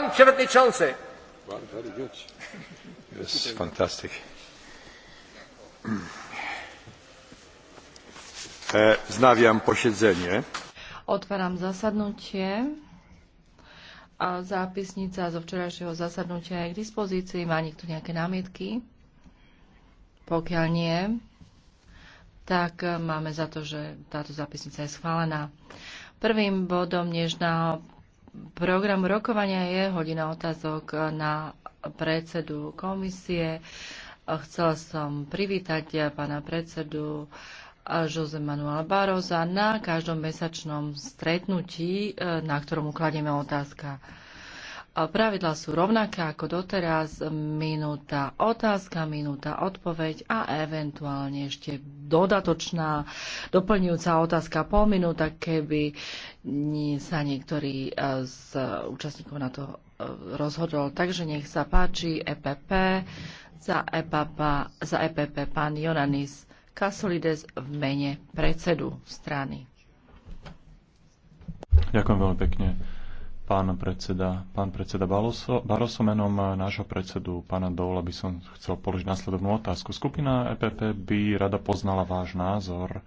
Pan przewodniczący. Yes, fantastic. E, wznawiam posiedzenie. Otváram zasadnutie. A zápisnica zo včerajšieho zasadnutia je k dispozícii. Má niekto nejaké námietky? Pokiaľ nie, tak máme za to, že táto zápisnica je schválená. Prvým bodom dnešného Program rokovania je hodina otázok na predsedu komisie. Chcela som privítať pána predsedu Jose Manuela Baroza na každom mesačnom stretnutí, na ktorom ukladieme otázka. Pravidla sú rovnaké ako doteraz, minúta otázka, minúta odpoveď a eventuálne ešte dodatočná, doplňujúca otázka pol minúta, keby sa niektorý e, z účastníkov na to e, rozhodol. Takže nech sa páči EPP za EPP, za EPP pán Jonanis Kasolides v mene predsedu strany. Ďakujem veľmi pekne Pán predseda, pán predseda Baroso, Baroso menom nášho predsedu, pána Doula, by som chcel položiť následovnú otázku. Skupina EPP by rada poznala váš názor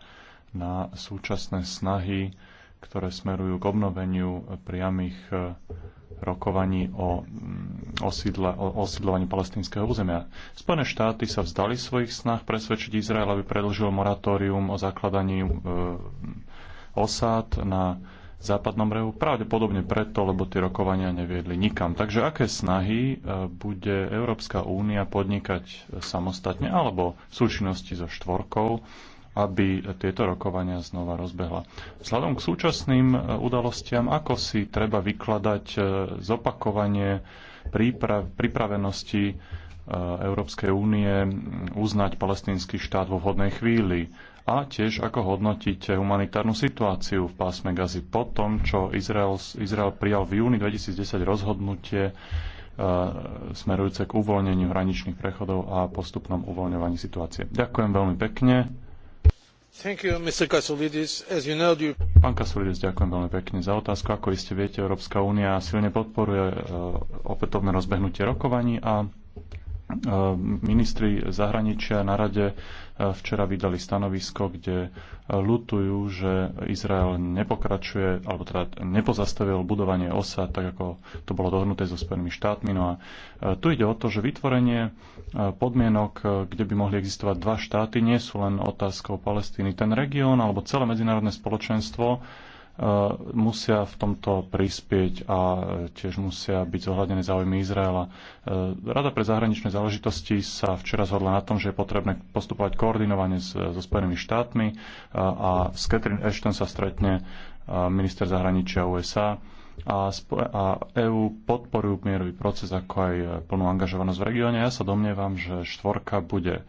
na súčasné snahy, ktoré smerujú k obnoveniu priamých eh, rokovaní o, mm, osídle, o osídlovaní palestinského územia. Spojené štáty sa vzdali svojich snah presvedčiť Izrael, aby predlžil moratórium o zakladaní e, eh, osád na západnom brehu? Pravdepodobne preto, lebo tie rokovania neviedli nikam. Takže aké snahy e, bude Európska únia podnikať e, samostatne alebo v súčinnosti so štvorkou, aby tieto rokovania znova rozbehla. Vzhľadom k súčasným e, udalostiam, ako si treba vykladať zopakovanie príprav, pripravenosti Európskej únie uznať palestínsky štát vo vhodnej chvíli, a tiež ako hodnotíte humanitárnu situáciu v pásme Gazy po tom, čo Izrael, Izrael prijal v júni 2010 rozhodnutie e, smerujúce k uvoľneniu hraničných prechodov a postupnom uvoľňovaní situácie. Ďakujem veľmi pekne. You, you know, you... Pán Kasulidis, ďakujem veľmi pekne za otázku. Ako iste viete, Európska únia silne podporuje e, opätovné rozbehnutie rokovaní a Ehm, ministri zahraničia na rade eh, včera vydali stanovisko, kde eh, lutujú, že Izrael nepokračuje, alebo teda nepozastavil budovanie osa, tak ako to bolo dohnuté so Spojenými štátmi. No a eh, tu ide o to, že vytvorenie podmienok, kde by mohli existovať dva štáty, nie sú len otázkou Palestíny. Ten región alebo celé medzinárodné spoločenstvo Eh, musia v tomto prispieť a eh, tiež musia byť zohľadené záujmy Izraela. Eh, Rada pre zahraničné záležitosti sa včera zhodla na tom, že je potrebné postupovať koordinovane so Spojenými štátmi a s Catherine Ashton sa stretne minister zahraničia USA a, a EÚ podporujú mierový proces ako aj e, plnú angažovanosť v regióne. Ja sa domnievam, že štvorka bude e,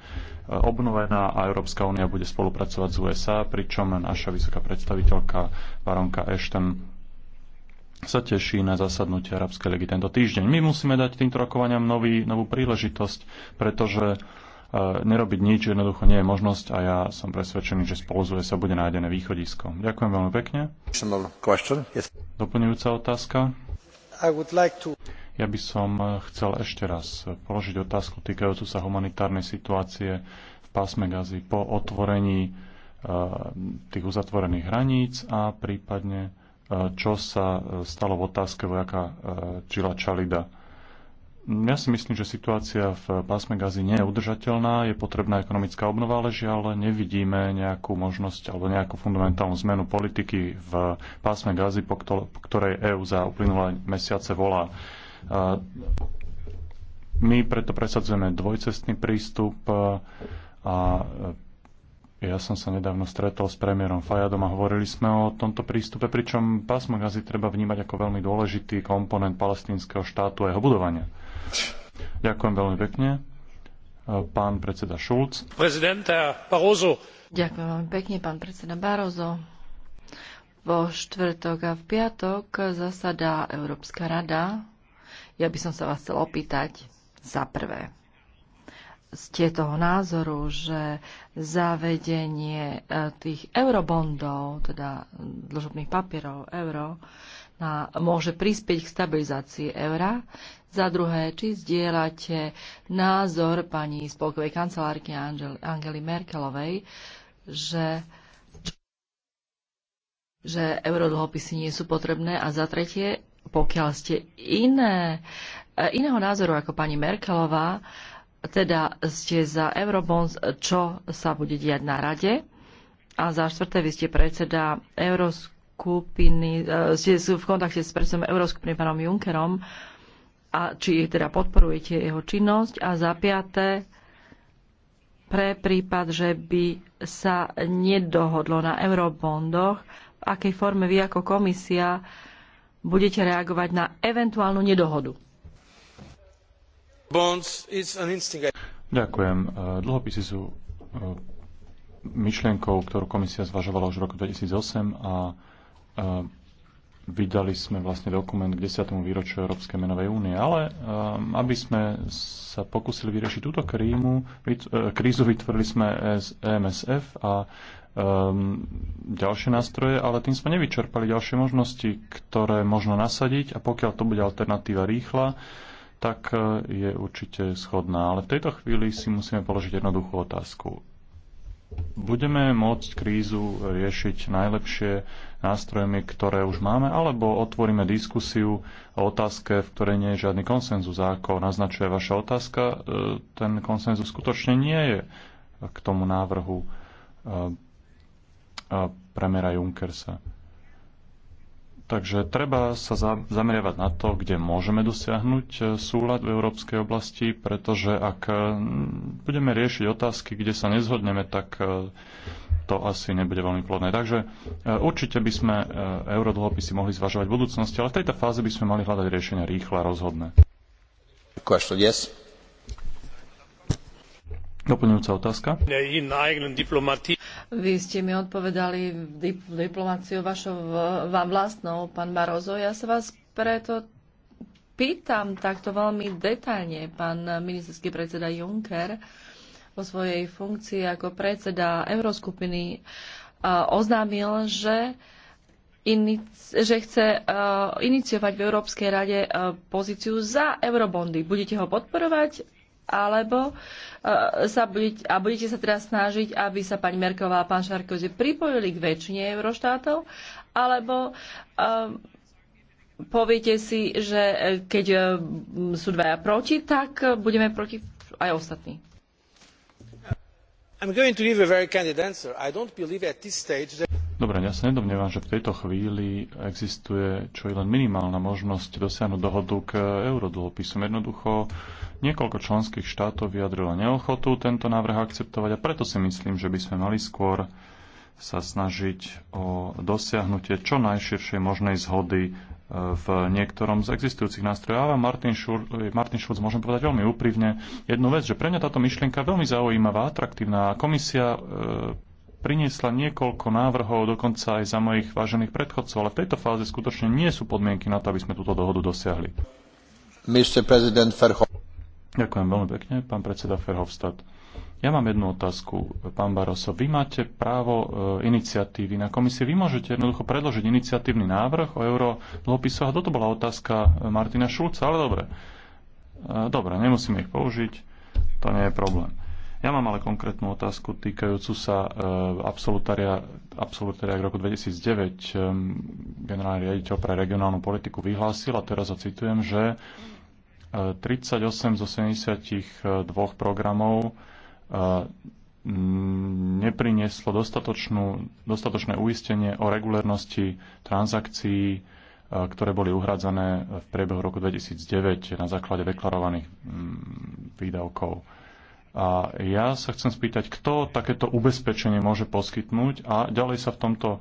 obnovená a Európska únia bude spolupracovať s USA, pričom naša vysoká predstaviteľka baronka Ashton sa teší na zasadnutie Arabskej ligy tento týždeň. My musíme dať týmto rokovaniam nový, novú príležitosť, pretože E, nerobiť nič jednoducho nie je možnosť a ja som presvedčený, že spolu z sa bude nájdené východisko. Ďakujem veľmi pekne. Doplňujúca otázka. Ja by som e, chcel ešte raz položiť otázku týkajúcu sa humanitárnej situácie v pásme Gazy po otvorení e, tých uzatvorených hraníc a prípadne čo sa stalo v otázke vojaka Čila Čalida ja si myslím, že situácia v pásme gazy nie je udržateľná, je potrebná ekonomická obnova, ale žiaľ nevidíme nejakú možnosť alebo nejakú fundamentálnu zmenu politiky v pásme gazy, po ktorej EÚ za uplynulé mesiace volá. My preto presadzujeme dvojcestný prístup a ja som sa nedávno stretol s premiérom Fajadom a hovorili sme o tomto prístupe, pričom pásmo gazy treba vnímať ako veľmi dôležitý komponent palestínskeho štátu a jeho budovania. Ďakujem veľmi pekne. Pán predseda Šulc. Ďakujem veľmi pekne, pán predseda Barozo. Vo štvrtok a v piatok zasadá Európska rada. Ja by som sa vás chcel opýtať za prvé. Ste toho názoru, že zavedenie e, tých eurobondov, teda dlžobných papierov euro, na, môže prispieť k stabilizácii eura. Za druhé, či zdieľate názor pani spolkovej kancelárky Angely Merkelovej, že že eurodlhopisy nie sú potrebné a za tretie, pokiaľ ste iné, e, iného názoru ako pani Merkelová, teda ste za Eurobonds, čo sa bude diať na rade a za štvrté, vy ste predseda Euroskupiny, e, ste sú v kontakte s predsedom Euroskupiny pánom Junckerom, a či teda podporujete jeho činnosť a za piaté pre prípad, že by sa nedohodlo na eurobondoch, v akej forme vy ako komisia budete reagovať na eventuálnu nedohodu. Ďakujem. E, dlhopisy sú e, myšlienkou, ktorú komisia zvažovala už v roku 2008 a e, vydali sme vlastne dokument k 10. výročiu Európskej menovej únie. Ale um, aby sme sa pokúsili vyriešiť túto krímu, e, krízu, vytvorili sme EMSF a um, ďalšie nástroje, ale tým sme nevyčerpali ďalšie možnosti, ktoré možno nasadiť a pokiaľ to bude alternatíva rýchla, tak e, je určite schodná. Ale v tejto chvíli si musíme položiť jednoduchú otázku. Budeme môcť krízu riešiť najlepšie nástrojmi, ktoré už máme, alebo otvoríme diskusiu o otázke, v ktorej nie je žiadny konsenzus. A ako naznačuje vaša otázka, e, ten konsenzus skutočne nie je k tomu návrhu e, e, premiera Junkersa. Takže treba sa zameriavať na to, kde môžeme dosiahnuť súlad v európskej oblasti, pretože ak budeme riešiť otázky, kde sa nezhodneme, tak to asi nebude veľmi plodné. Takže e, určite by sme e, eurodlhopisy mohli zvažovať v budúcnosti, ale v tejto fáze by sme mali hľadať riešenia rýchle a rozhodné. Question, yes. Doplňujúca otázka. Vy ste mi odpovedali dip- diplomáciou vašou vám vlastnou, pán Barozo. Ja sa vás preto pýtam takto veľmi detailne, pán ministerský predseda Juncker vo svojej funkcii ako predseda Euroskupiny oznámil, že že chce iniciovať v Európskej rade pozíciu za eurobondy. Budete ho podporovať alebo sa budete, a budete sa teraz snažiť, aby sa pani Merková a pán Šarkozy pripojili k väčšine euroštátov, alebo um, poviete si, že keď sú dvaja proti, tak budeme proti aj ostatní. Dobre, ja sa nedomnievam, že v tejto chvíli existuje čo i len minimálna možnosť dosiahnuť dohodu k eurodlhopisom. Jednoducho niekoľko členských štátov vyjadrilo neochotu tento návrh akceptovať a preto si myslím, že by sme mali skôr sa snažiť o dosiahnutie čo najširšej možnej zhody v niektorom z existujúcich nástrojov. A Martin, Šur, Martin Schulz, môžem povedať veľmi úprimne jednu vec, že pre mňa táto myšlienka veľmi zaujímavá, atraktívna. Komisia e, priniesla niekoľko návrhov, dokonca aj za mojich vážených predchodcov, ale v tejto fáze skutočne nie sú podmienky na to, aby sme túto dohodu dosiahli. Ďakujem veľmi pekne, pán predseda Ferhovstad. Ja mám jednu otázku, pán Baroso. Vy máte právo e, iniciatívy na komisie. Vy môžete jednoducho predložiť iniciatívny návrh o euro dlhopisoch. A toto bola otázka e, Martina Šulca, ale dobre. E, dobre, nemusíme ich použiť. To nie je problém. Ja mám ale konkrétnu otázku týkajúcu sa absolutária, absolutária k roku 2009. Generálny riaditeľ pre regionálnu politiku vyhlásil, a teraz ho citujem, že 38 zo 72 programov Mm, neprinieslo dostatočné uistenie o regulérnosti transakcií, ktoré boli uhradzané v priebehu roku 2009 na základe deklarovaných mm, výdavkov. A ja sa chcem spýtať, kto takéto ubezpečenie môže poskytnúť a ďalej sa v tomto e,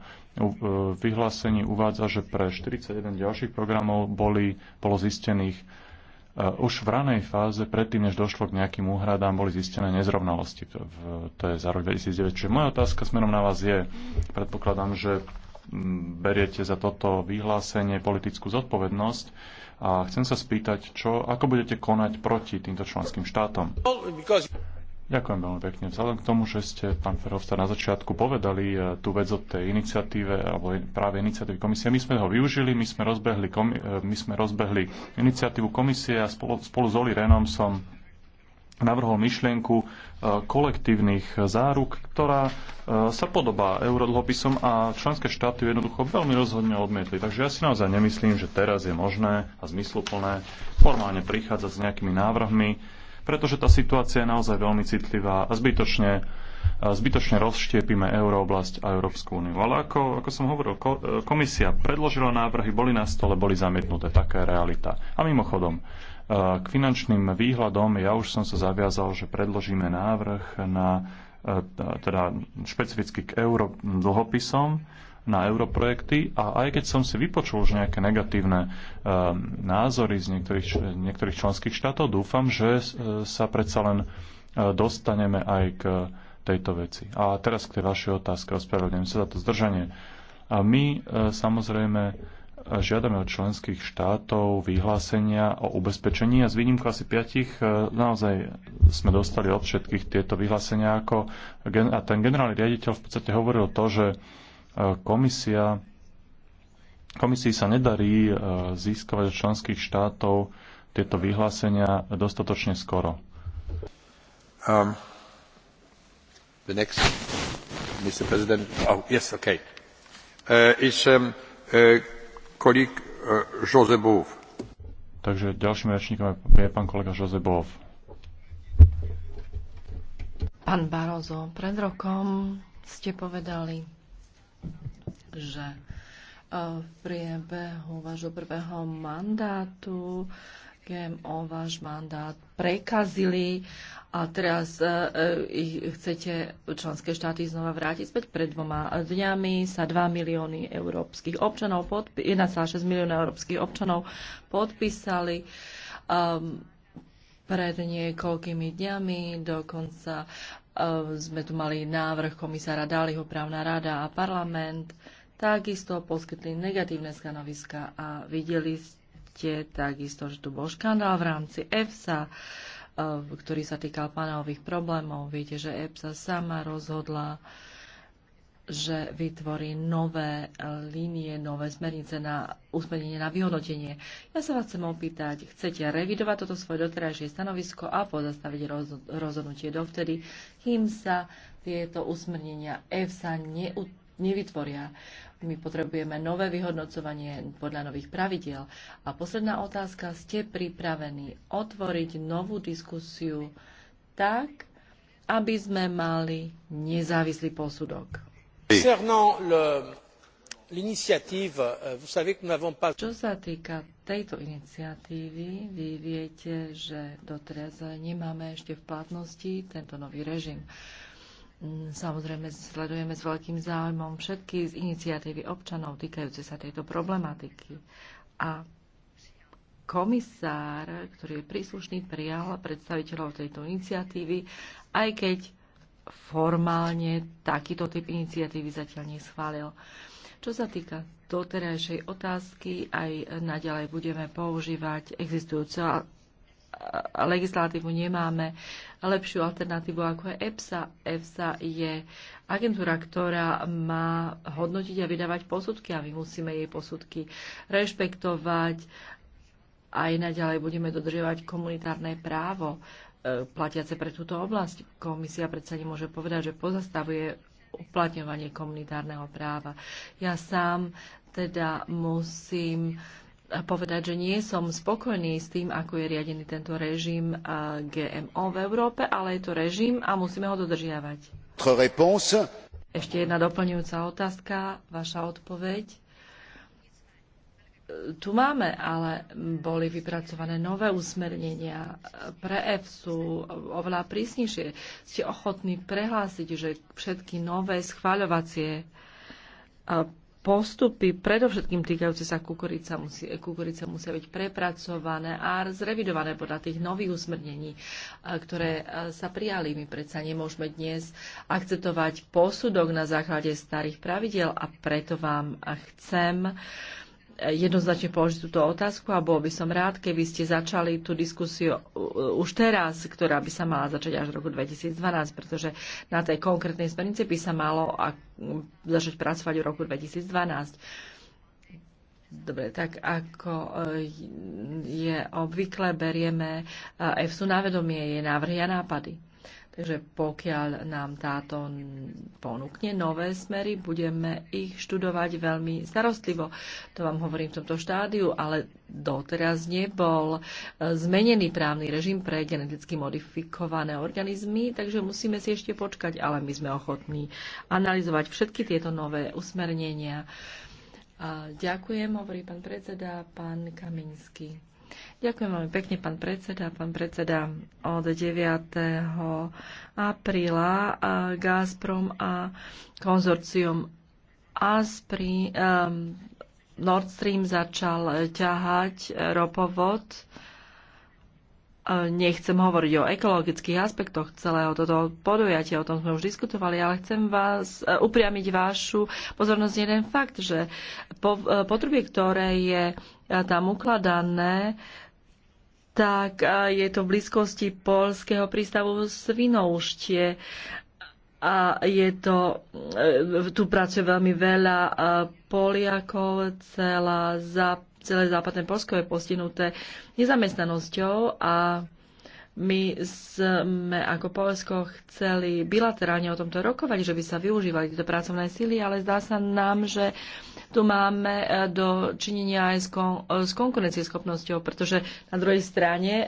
vyhlásení uvádza, že pre 41 ďalších programov boli, bolo zistených už v ranej fáze, predtým než došlo k nejakým úhradám, boli zistené nezrovnalosti. To je za rok 2009. Čiže moja otázka smerom na vás je, predpokladám, že mm, beriete za toto vyhlásenie politickú zodpovednosť a chcem sa spýtať, čo, ako budete konať proti týmto členským štátom. Ďakujem veľmi pekne. Vzhľadom k tomu, že ste, pán Ferovsta, na začiatku povedali eh, tú vec o tej iniciatíve, alebo práve iniciatívy komisie, my sme ho využili, my sme rozbehli, eh, my sme rozbehli iniciatívu komisie a spolu, spolu s Oli Renom som navrhol myšlienku eh, kolektívnych záruk, ktorá sa podobá eurodlhopisom a členské štáty jednoducho veľmi rozhodne odmietli. Takže ja si naozaj nemyslím, že teraz je možné a zmysluplné formálne prichádzať s nejakými návrhmi, pretože tá situácia je naozaj veľmi citlivá a zbytočne, zbytočne rozštiepime eurooblasť a Európsku úniu. Ale ako, ako som hovoril, e, komisia predložila návrhy, boli na stole, boli zamietnuté. Taká je realita. A mimochodom, e, k finančným výhľadom ja už som sa zaviazal, že predložíme návrh na e, teda špecificky k euro dlhopisom na europrojekty a aj keď som si vypočul už nejaké negatívne eh, názory z niektorých, niektorých členských štátov, dúfam, že eh, sa predsa len eh, dostaneme aj k tejto veci. A teraz k tej vašej otázke, ospravedlňujem sa za to zdržanie. A my samozrejme žiadame od členských štátov vyhlásenia o ubezpečení a z výnimku asi piatich naozaj sme dostali od všetkých tieto vyhlásenia ako a ten generálny riaditeľ v podstate hovoril to, že komisia, komisii sa nedarí e, získavať od členských štátov tieto vyhlásenia dostatočne skoro. Um, the next, Mr. President. Oh, yes, okay. Uh, it's um, uh, kolik, uh, Josebov. Takže ďalším rečníkom je, je pán kolega Josebov. Pán Barozo, pred rokom ste povedali, že eh, v priebehu vášho prvého mandátu GMO váš mandát prekazili a teraz eh, eh, ich chcete členské štáty znova vrátiť späť. Pred dvoma dňami sa 2 milióny európskych občanov, 1,6 milióna európskych občanov podpísali um, pred niekoľkými dňami, dokonca uh, sme tu mali návrh komisára Dáliho, právna rada a parlament. Uh, takisto poskytli negatívne stanoviska a videli ste takisto, že tu bol škandál v rámci EFSA, eh, ktorý sa týkal panelových problémov. Viete, že EFSA sama rozhodla, že vytvorí nové línie, nové smernice na usmernenie na vyhodnotenie. Ja sa vás chcem opýtať, chcete revidovať toto svoje doterajšie stanovisko a pozastaviť rozhodnutie dovtedy, kým sa tieto usmernenia EFSA neutvoria nevytvoria. My potrebujeme nové vyhodnocovanie podľa nových pravidiel. A posledná otázka, ste pripravení otvoriť novú diskusiu tak, aby sme mali nezávislý posudok. Euh, Čo sa týka tejto iniciatívy, vy viete, že doteraz euh, nemáme ešte v platnosti tento nový režim. Mm, samozrejme, sledujeme s veľkým záujmom všetky z iniciatívy občanov týkajúce sa tejto problematiky. A komisár, ktorý je príslušný, prijal predstaviteľov tejto iniciatívy, aj keď formálne takýto typ iniciatívy zatiaľ neschválil. Čo sa týka doterajšej otázky, aj naďalej budeme používať existujúcu legislatívu. Nemáme lepšiu alternatívu ako je EPSA. EPSA je agentúra, ktorá má hodnotiť a vydávať posudky a my musíme jej posudky rešpektovať. Aj naďalej budeme dodržiavať komunitárne právo e, platiace pre túto oblasť. Komisia predsa nemôže povedať, že pozastavuje uplatňovanie komunitárneho práva. Ja sám teda musím povedať, že nie som spokojný s tým, ako je riadený tento režim GMO v Európe, ale je to režim a musíme ho dodržiavať. Ešte jedna doplňujúca otázka, vaša odpoveď. Tu máme, ale boli vypracované nové usmernenia pre EFSU, oveľa prísnejšie. Ste ochotní prehlásiť, že všetky nové schváľovacie postupy, predovšetkým týkajúce sa kukurica, musí, kukurica musia byť prepracované a zrevidované podľa tých nových usmernení, ktoré sa prijali. My predsa nemôžeme dnes akceptovať posudok na základe starých pravidel a preto vám chcem uh, jednoznačne položiť túto otázku a bol by som rád, keby ste začali tú diskusiu uh, uh, už teraz, ktorá by sa mala začať až v roku 2012, pretože na tej konkrétnej smernici by sa malo mm, začať pracovať v roku 2012. Dobre, tak ako uh, je obvykle, berieme EFSU na vedomie jej návrhy a nápady že pokiaľ nám táto ponúkne nové smery, budeme ich študovať veľmi starostlivo. To vám hovorím v tomto štádiu, ale doteraz nebol e, zmenený právny režim pre geneticky modifikované organizmy, takže musíme si ešte počkať, ale my sme ochotní analyzovať všetky tieto nové usmernenia. A ďakujem, hovorí pán predseda, pán Kaminsky. Ďakujem veľmi pekne, pán predseda. Pán predseda, od 9. apríla eh, Gazprom a konzorcium Aspri, um, Nord Stream začal ťahať eh, ropovod. Eh, nechcem hovoriť o ekologických aspektoch celého toto podujatia, o tom sme už diskutovali, ale chcem vás upriamiť vašu pozornosť jeden fakt, že po, potrubie, ktoré je tam ukladané, tak je to v blízkosti polského prístavu Svinouštie. A je to, e, tu pracuje veľmi veľa e, Poliakov, celá, celé západné Polsko je postihnuté nezamestnanosťou a my sme ako Polsko chceli bilaterálne o tomto rokovať, že by sa využívali tieto pracovné síly, ale zdá sa nám, že tu máme e, do činenia aj s, konkurencieschopnosťou, pretože na druhej strane e,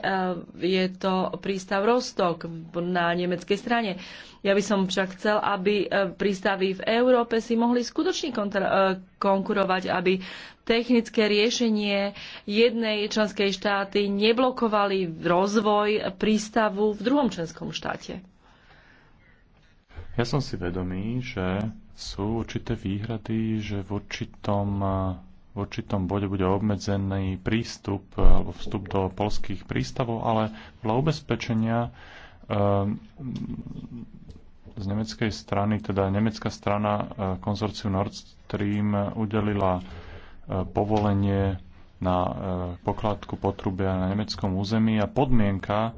je to prístav Rostok na nemeckej strane ja by som však chcel, aby e, prístavy v Európe si mohli skutočne e, konkurovať, aby technické riešenie jednej členskej štáty neblokovali rozvoj prístavu v druhom členskom štáte. Ja som si vedomý, že sú určité výhrady, že v určitom e, v určitom bode bude obmedzený prístup alebo vstup do polských prístavov, ale podľa ubezpečenia um, z nemeckej strany, teda nemecká strana e, konzorciu Nord Stream e, udelila e, povolenie na pokladku potrubia na nemeckom území a podmienka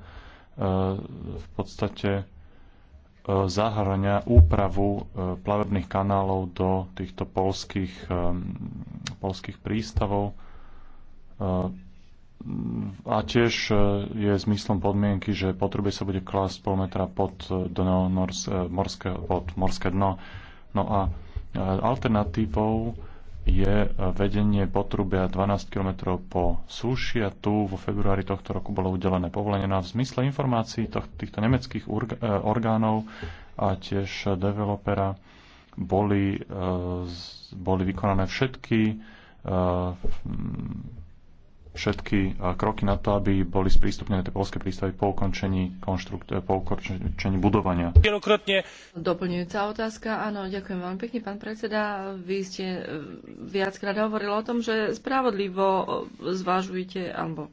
v podstate zahrania úpravu plavebných kanálov do týchto polských, polských prístavov Mm, a tiež e, je zmyslom podmienky, že potrubie sa bude klásť pol metra pod e, dno e, morské, pod morské dno. No a alternatívou je vedenie potrubia 12 km po súši a tu vo februári tohto roku bolo udelené povolenie na no v zmysle informácií týchto nemeckých orgánov a tiež developera boli, boli vykonané všetky všetky eh, kroky na to, aby boli sprístupnené tie polské prístavy po ukončení, konštrukt, eh, po ukončení budovania. Doplňujúca otázka. Áno, ďakujem veľmi pekne, pán predseda. Vy ste eh, viackrát hovorili o tom, že spravodlivo zvážujete, alebo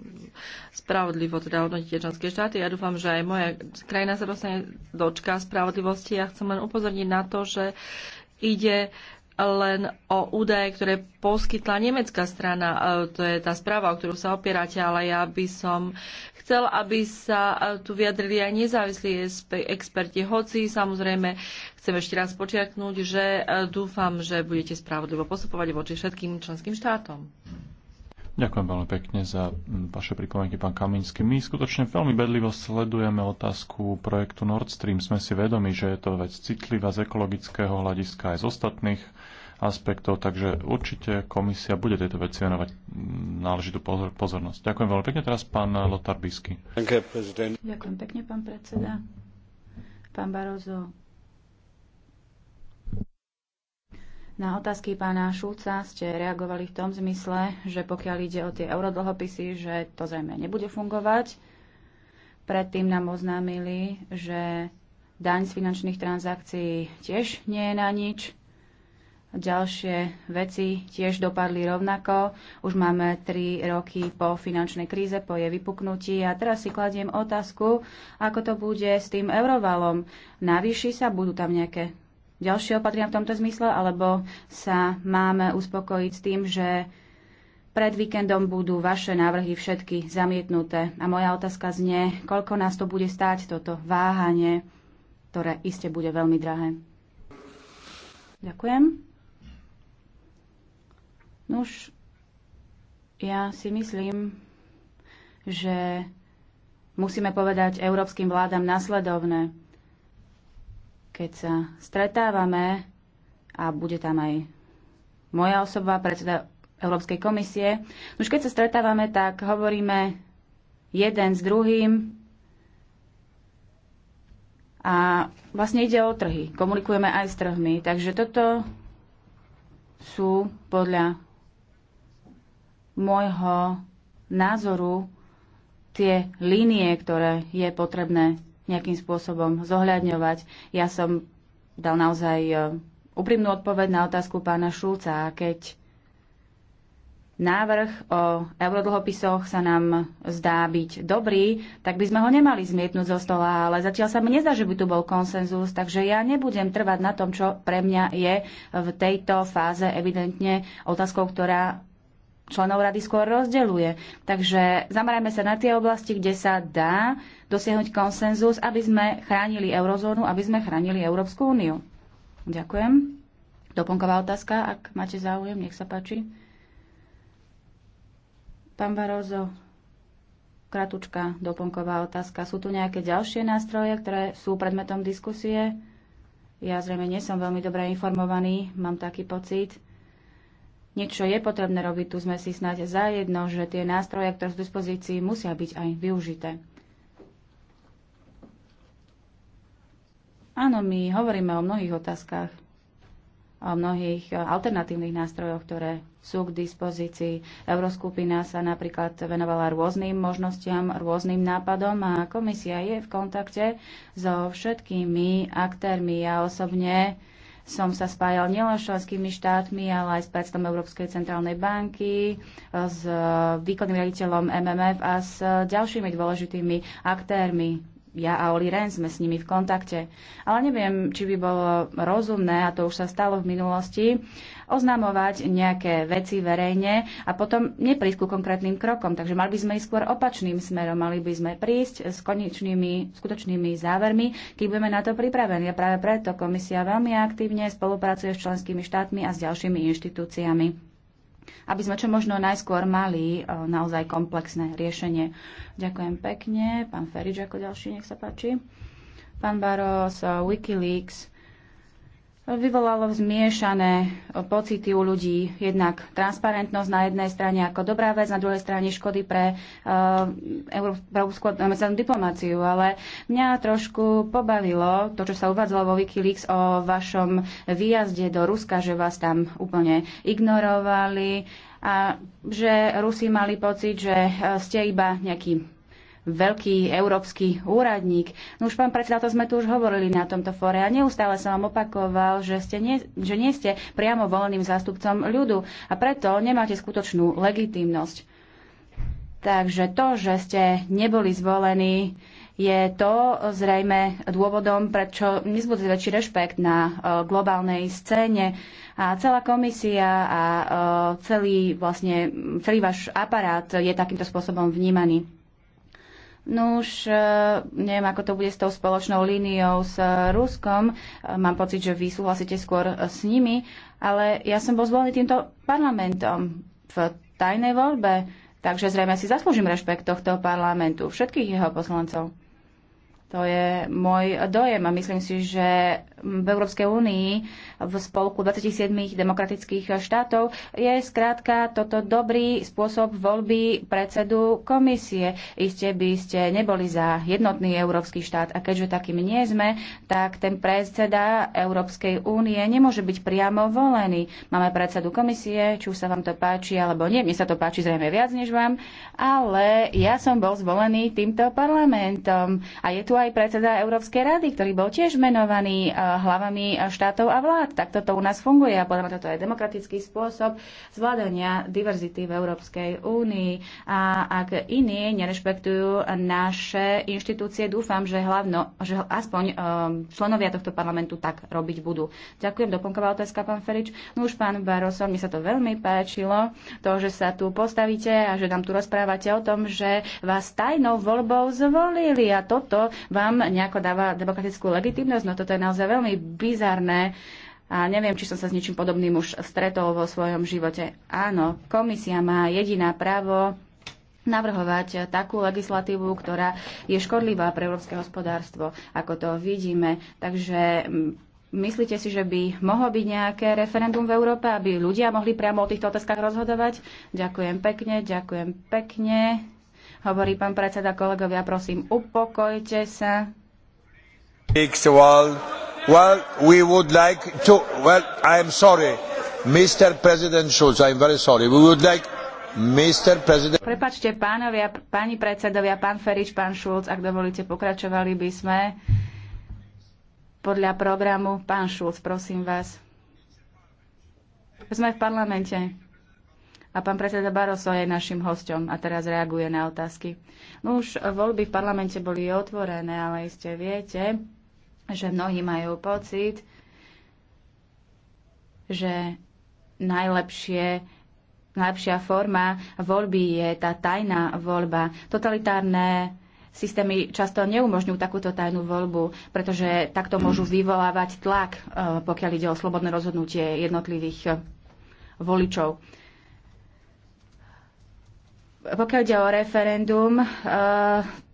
spravodlivo teda hodnotíte členské štáty. Ja dúfam, že aj moja krajina sa dostane dočka spravodlivosti. Ja chcem len upozorniť na to, že ide len o údaje, ktoré poskytla nemecká strana. E, to je tá správa, o ktorú sa opierate, ale ja by som chcel, aby sa e, tu vyjadrili aj nezávislí experti. Hoci samozrejme chcem ešte raz počiarknúť, že e, dúfam, že budete spravodlivo postupovať voči všetkým členským štátom. Ďakujem veľmi pekne za vaše pripomienky, pán Kaminsky. My skutočne veľmi bedlivo sledujeme otázku projektu Nord Stream. Sme si vedomi, že je to vec citlivá z ekologického hľadiska aj z ostatných aspektov, takže určite komisia bude tejto veci venovať náležitú pozornosť. Ďakujem veľmi pekne teraz pán Lotar Bisky. Ďakujem pekne pán predseda. Pán Barozo, Na otázky pána Šulca ste reagovali v tom zmysle, že pokiaľ ide o tie eurodlhopisy, že to zrejme nebude fungovať. Predtým nám oznámili, že daň z finančných transakcií tiež nie je na nič. Ďalšie veci tiež dopadli rovnako. Už máme tri roky po finančnej kríze, po jej vypuknutí a teraz si kladiem otázku, ako to bude s tým eurovalom. Navýši sa, budú tam nejaké ďalšie opatrenia v tomto zmysle, alebo sa máme uspokojiť s tým, že pred víkendom budú vaše návrhy všetky zamietnuté. A moja otázka znie, koľko nás to bude stáť, toto váhanie, ktoré iste bude veľmi drahé. Ďakujem už ja si myslím, že musíme povedať európskym vládam nasledovne, Keď sa stretávame, a bude tam aj moja osoba, predseda Európskej komisie, už keď sa stretávame, tak hovoríme jeden s druhým a vlastne ide o trhy. Komunikujeme aj s trhmi. Takže toto sú podľa môjho názoru tie línie, ktoré je potrebné nejakým spôsobom zohľadňovať. Ja som dal naozaj e, úprimnú odpoveď na otázku pána Šulca a keď návrh o eurodlhopisoch sa nám zdá byť dobrý, tak by sme ho nemali zmietnúť zo stola, ale zatiaľ sa mi nezdá, že by tu bol konsenzus, takže ja nebudem trvať na tom, čo pre mňa je v tejto fáze evidentne otázkou, ktorá členov rady skôr rozdeľuje. Takže zamerajme sa na tie oblasti, kde sa dá dosiahnuť konsenzus, aby sme chránili eurozónu, aby sme chránili Európsku úniu. Ďakujem. Doponková otázka, ak máte záujem, nech sa páči. Pán Barozo, kratučka doponková otázka. Sú tu nejaké ďalšie nástroje, ktoré sú predmetom diskusie? Ja zrejme nie som veľmi dobre informovaný, mám taký pocit niečo je potrebné robiť, tu sme si snáď zajedno, že tie nástroje, ktoré sú v dispozícii, musia byť aj využité. Áno, my hovoríme o mnohých otázkach, o mnohých e, alternatívnych nástrojoch, ktoré sú k dispozícii. Euroskupina sa napríklad venovala rôznym možnostiam, rôznym nápadom a komisia je v kontakte so všetkými aktérmi. Ja osobne uh, som sa spájal nielen s členskými štátmi, ale aj s predstavom Európskej centrálnej banky, s výkonným riaditeľom MMF a s ďalšími dôležitými aktérmi. Ja a Oli Ren sme s nimi v kontakte. Ale neviem, či by bolo rozumné, a to už sa stalo v minulosti, oznamovať nejaké veci verejne a potom neprísť ku konkrétnym krokom. Takže mali by sme ísť skôr opačným smerom, mali by sme prísť s konečnými, skutočnými závermi, keď budeme na to pripravení. A práve preto komisia veľmi aktívne spolupracuje s členskými štátmi a s ďalšími inštitúciami aby sme čo možno najskôr mali e, naozaj komplexné riešenie. Ďakujem pekne. Pán Ferič ako ďalší, nech sa páči. Pán Baros, e, Wikileaks vyvolalo zmiešané e, pocity u ľudí. Jednak transparentnosť na jednej strane ako dobrá vec, na druhej strane škody pre e, európsku diplomáciu. Ale mňa trošku pobavilo to, čo sa uvádzalo vo Wikileaks o vašom výjazde do Ruska, že vás tam úplne ignorovali a že Rusi mali pocit, že e, ste iba nejaký veľký európsky úradník. No už pán predseda, to sme tu už hovorili na tomto fóre a neustále som vám opakoval, že, ste nie, že nie ste priamo voleným zástupcom ľudu a preto nemáte skutočnú legitimnosť. Takže to, že ste neboli zvolení, je to zrejme dôvodom, prečo nezbudí väčší rešpekt na e, globálnej scéne a celá komisia a e, celý, vlastne, celý váš aparát je takýmto spôsobom vnímaný. No už e, neviem, ako to bude s tou spoločnou líniou s e, Ruskom. E, mám pocit, že vy súhlasíte skôr s nimi, ale ja som bol zvolený týmto parlamentom v tajnej voľbe, takže zrejme si zaslúžim rešpekt tohto parlamentu, všetkých jeho poslancov. To je môj dojem a myslím si, že v Európskej únii v spolku 27 demokratických štátov, je skrátka toto dobrý spôsob voľby predsedu komisie. Iste by ste neboli za jednotný európsky štát a keďže takým nie sme, tak ten predseda Európskej únie nemôže byť priamo volený. Máme predsedu komisie, či už sa vám to páči alebo nie, mne sa to páči zrejme viac než vám, ale ja som bol zvolený týmto parlamentom a je tu aj predseda Európskej rady, ktorý bol tiež menovaný hlavami štátov a vlád. Tak toto u nás funguje a podľa mňa toto je demokratický spôsob zvládania diverzity v Európskej únii. A ak iní nerešpektujú naše inštitúcie, dúfam, že, hlavno, že aspoň um, členovia tohto parlamentu tak robiť budú. Ďakujem. Doplnková otázka, pán Ferič. No už, pán Barroso, mi sa to veľmi páčilo, to, že sa tu postavíte a že nám tu rozprávate o tom, že vás tajnou voľbou zvolili a toto vám nejako dáva demokratickú legitimnosť. No toto je naozaj veľmi veľmi bizarné a neviem, či som sa s ničím podobným už stretol vo svojom živote. Áno, komisia má jediná právo navrhovať takú legislatívu, ktorá je škodlivá pre európske hospodárstvo, ako to vidíme. Takže myslíte si, že by mohlo byť nejaké referendum v Európe, aby ľudia mohli priamo o týchto otázkach rozhodovať? Ďakujem pekne, ďakujem pekne. Hovorí pán predseda, kolegovia, prosím, upokojte sa. Well, we would like to. Well, I am sorry, Mr. President Schulz. I am very sorry. We would like, Mr. President. Prepačte, pánovia, páni predsedovia, pán Ferič, pán Šulc, ak dovolíte, pokračovali by sme podľa programu. Pán Šulc, prosím vás. Sme v parlamente a pán predseda Barroso je našim hostom a teraz reaguje na otázky. No už voľby v parlamente boli otvorené, ale iste viete, že mnohí majú pocit, že najlepšie Najlepšia forma voľby je tá tajná voľba. Totalitárne systémy často neumožňujú takúto tajnú voľbu, pretože takto môžu vyvolávať tlak, eh, pokiaľ ide o slobodné rozhodnutie jednotlivých eh, voličov. Pokiaľ ide o referendum, eh,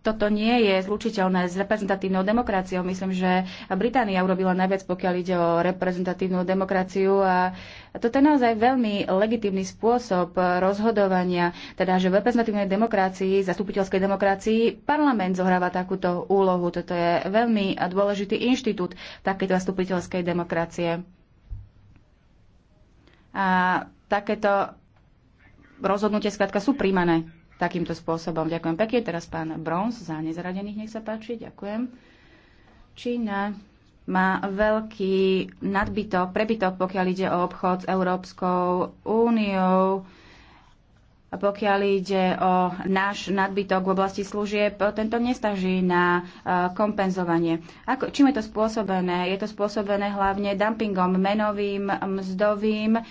toto nie je zlučiteľné s reprezentatívnou demokraciou. Myslím, že Británia urobila najviac, pokiaľ ide o reprezentatívnu demokraciu a toto je naozaj veľmi legitímny spôsob rozhodovania, teda že v reprezentatívnej demokracii, zastupiteľskej demokracii parlament zohráva takúto úlohu. Toto je veľmi dôležitý inštitút takéto zastupiteľskej demokracie. A takéto rozhodnutie skrátka sú príjmané takýmto spôsobom. Ďakujem pekne. Teraz pán Bronz za nezradených, nech sa páči. Ďakujem. Čína má veľký nadbytok, prebytok, pokiaľ ide o obchod s Európskou úniou. A pokiaľ ide o náš nadbytok v oblasti služieb, tento nestaží na e, kompenzovanie. Ako, čím je to spôsobené? Je to spôsobené hlavne dumpingom menovým, mzdovým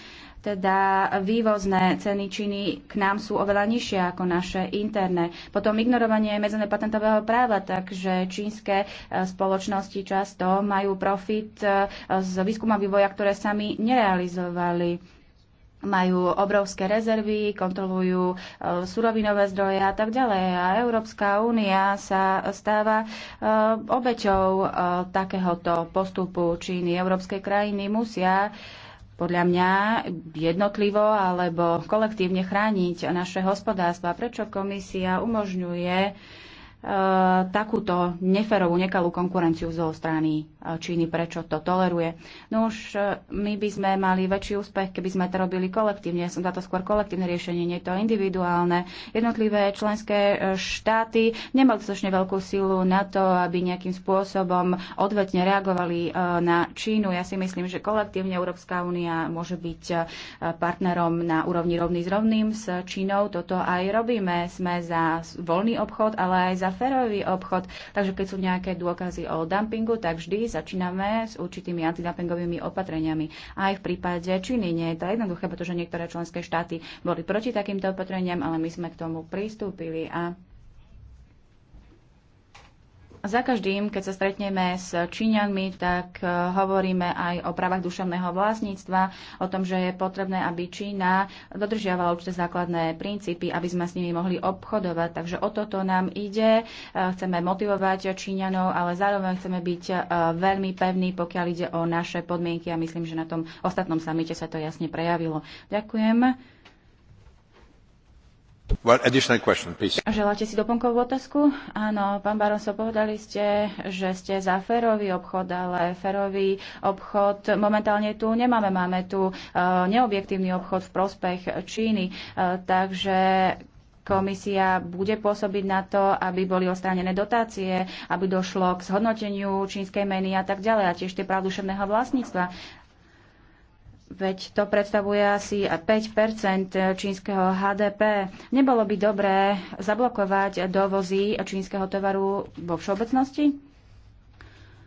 teda vývozné ceny činy k nám sú oveľa nižšie ako naše interné. Potom ignorovanie medzené patentového práva, takže čínske e, spoločnosti často majú profit e, z výskuma vývoja, ktoré sami nerealizovali majú obrovské rezervy, kontrolujú e, surovinové zdroje a tak ďalej. A Európska únia sa stáva e, obeťou e, takéhoto postupu Číny. Európske krajiny musia e, podľa mňa jednotlivo alebo kolektívne chrániť naše hospodárstva. Prečo komisia umožňuje E, takúto neferovú, nekalú konkurenciu zo strany e, Číny, prečo to toleruje. No už e, my by sme mali väčší úspech, keby sme to robili kolektívne. Ja som za to skôr kolektívne riešenie, nie je to individuálne. Jednotlivé členské štáty nemali dostatočne veľkú silu na to, aby nejakým spôsobom odvetne reagovali na Čínu. Ja si myslím, že kolektívne Európska únia môže byť partnerom na úrovni rovný s rovným s Čínou. Toto aj robíme. Sme za voľný obchod, ale aj za férový obchod. Takže keď sú nejaké dôkazy o dumpingu, tak vždy začíname s určitými antidumpingovými opatreniami. Aj v prípade Číny nie je to jednoduché, pretože niektoré členské štáty boli proti takýmto opatreniam, ale my sme k tomu pristúpili a za každým, keď sa stretneme s Číňanmi, tak e, hovoríme aj o právach duševného vlastníctva, o tom, že je potrebné, aby Čína dodržiavala určité základné princípy, aby sme s nimi mohli obchodovať. Takže o toto nám ide. E, chceme motivovať Číňanov, ale zároveň chceme byť e, veľmi pevní, pokiaľ ide o naše podmienky a myslím, že na tom ostatnom samite sa to jasne prejavilo. Ďakujem. Well, question, Želáte si doplnkovú otázku? Áno, pán so povedali ste, že ste za férový obchod, ale férový obchod momentálne tu nemáme. Máme tu e, neobjektívny obchod v prospech Číny. E, takže komisia bude pôsobiť na to, aby boli ostránené dotácie, aby došlo k zhodnoteniu čínskej meny a tak ďalej, a tiež tie práv duševného vlastníctva. Veď to predstavuje asi 5 čínskeho HDP. Nebolo by dobré zablokovať dovozy čínskeho tovaru vo všeobecnosti?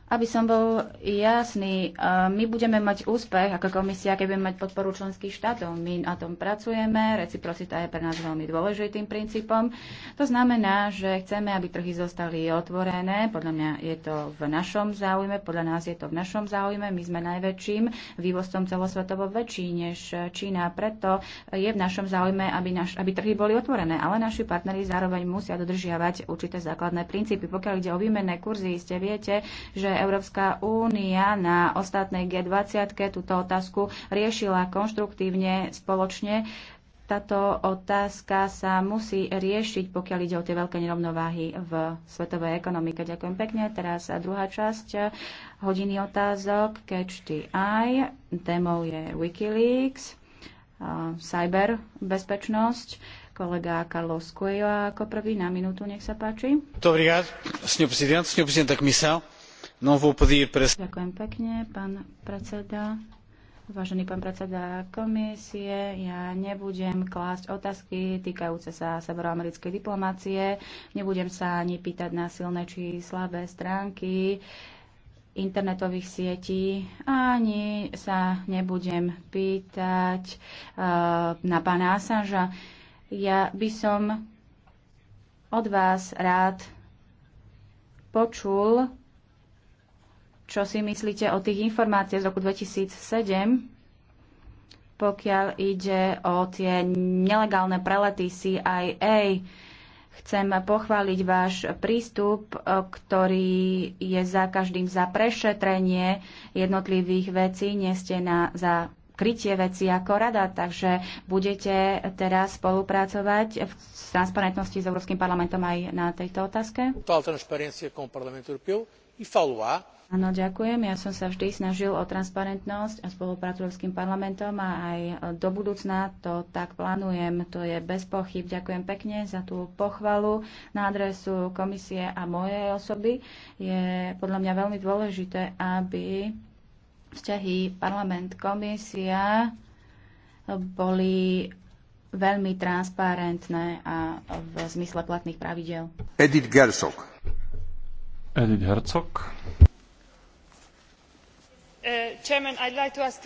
Aby som bol jasný, my budeme mať úspech ako komisia, keď budeme mať podporu členských štátov. My na tom pracujeme, reciprocita je pre nás veľmi dôležitým princípom. To znamená, že chceme, aby trhy zostali otvorené. Podľa mňa je to v našom záujme, podľa nás je to v našom záujme. My sme najväčším vývozcom celosvetovo väčší než Čína, preto je v našom záujme, aby, naš, aby trhy boli otvorené. Ale naši partneri zároveň musia dodržiavať určité základné princípy. Pokiaľ ide o výmenné kurzy, ste viete, že Európska únia na ostatnej G20 túto otázku riešila konštruktívne spoločne. Táto otázka sa musí riešiť, pokiaľ ide o tie veľké nerovnováhy v svetovej ekonomike. Ďakujem pekne. Teraz druhá časť eh, hodiny otázok. Catch the Eye. Témou je Wikileaks, eh, cyber bezpečnosť kolega Carlos Coelho ako prvý na minútu, nech sa páči. Dobrý obrigado, Sr. prezident, Sr. prezident, da Ďakujem pekne, pán predseda. Vážený pán predseda komisie, ja nebudem klásť otázky týkajúce sa severoamerickej diplomácie, nebudem sa ani pýtať na silné či slabé stránky internetových sietí, ani sa nebudem pýtať uh, na pána Assange. Ja by som od vás rád počul, čo si myslíte o tých informáciách z roku 2007, pokiaľ ide o tie nelegálne prelety CIA. Chcem pochváliť váš prístup, ktorý je za každým za prešetrenie jednotlivých vecí, nie ste na, za krytie veci ako rada, takže budete teraz spolupracovať v transparentnosti s Európskym parlamentom aj na tejto otázke? Total com o Parlamento Europeu e Áno, ďakujem. Ja som sa vždy snažil o transparentnosť a spoluprácu Európskym parlamentom a aj do budúcna to tak plánujem. To je bez pochyb. Ďakujem pekne za tú pochvalu na adresu komisie a mojej osoby. Je podľa mňa veľmi dôležité, aby vzťahy parlament komisia boli veľmi transparentné a v zmysle platných pravidel. Edith Gersok. Edith Herzog. Uh,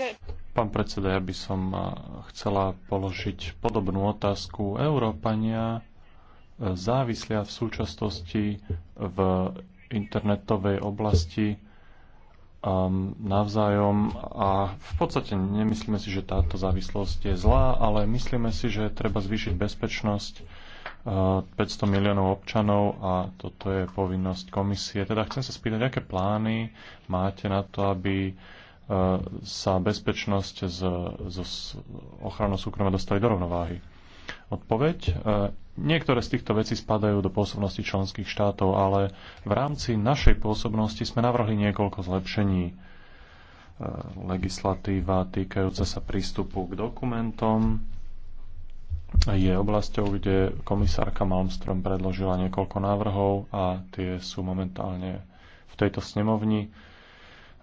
Pán predseda, ja by som uh, chcela položiť podobnú otázku. Európania uh, závislia v súčasnosti v internetovej oblasti um, navzájom a v podstate nemyslíme si, že táto závislosť je zlá, ale myslíme si, že treba zvýšiť bezpečnosť 500 eh, miliónov občanov a toto je povinnosť komisie. Teda chcem sa spýtať, aké plány máte na to, aby eh, sa bezpečnosť z, z ochranou súkromia dostali do rovnováhy? Odpoveď? Eh, niektoré z týchto vecí spadajú do pôsobnosti členských štátov, ale v rámci našej pôsobnosti sme navrhli niekoľko zlepšení. Legislatíva týkajúca sa prístupu k dokumentom, je oblasťou, kde komisárka Malmström predložila niekoľko návrhov a tie sú momentálne v tejto snemovni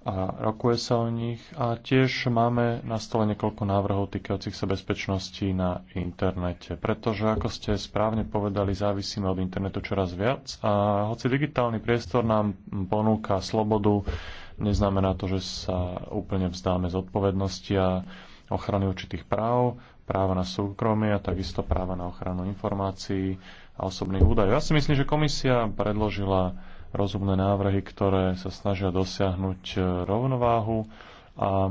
a rokuje sa o nich. A tiež máme na stole niekoľko návrhov týkajúcich sa bezpečnosti na internete, pretože, ako ste správne povedali, závisíme od internetu čoraz viac a hoci digitálny priestor nám ponúka slobodu, neznamená to, že sa úplne vzdáme zodpovednosti a ochrany určitých práv práva na súkromie a takisto práva na ochranu informácií a osobných údajov. Ja si myslím, že komisia predložila rozumné návrhy, ktoré sa snažia dosiahnuť e, rovnováhu a e,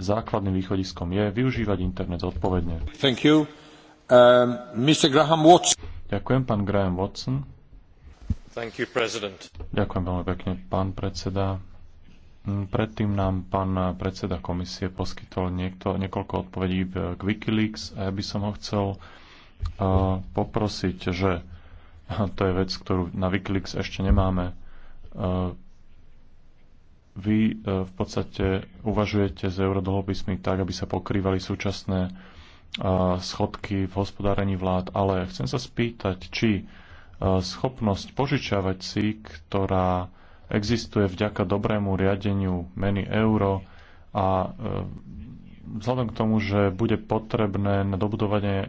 základným východiskom je využívať internet zodpovedne. Thank you. Um, Mr. Graham Watson. Ďakujem, pán Graham Watson. Thank you, president. Ďakujem veľmi pekne, pán predseda. Predtým nám pán predseda komisie poskytol niekto, niekoľko odpovedí k Wikileaks a ja by som ho chcel uh, poprosiť, že to je vec, ktorú na Wikileaks ešte nemáme. Uh, vy uh, v podstate uvažujete s eurodlhopismi tak, aby sa pokrývali súčasné schodky v hospodárení vlád, ale chcem sa spýtať, či schopnosť požičiavať si, ktorá existuje vďaka dobrému riadeniu meny euro a e, vzhľadom k tomu, že bude potrebné na dobudovanie e,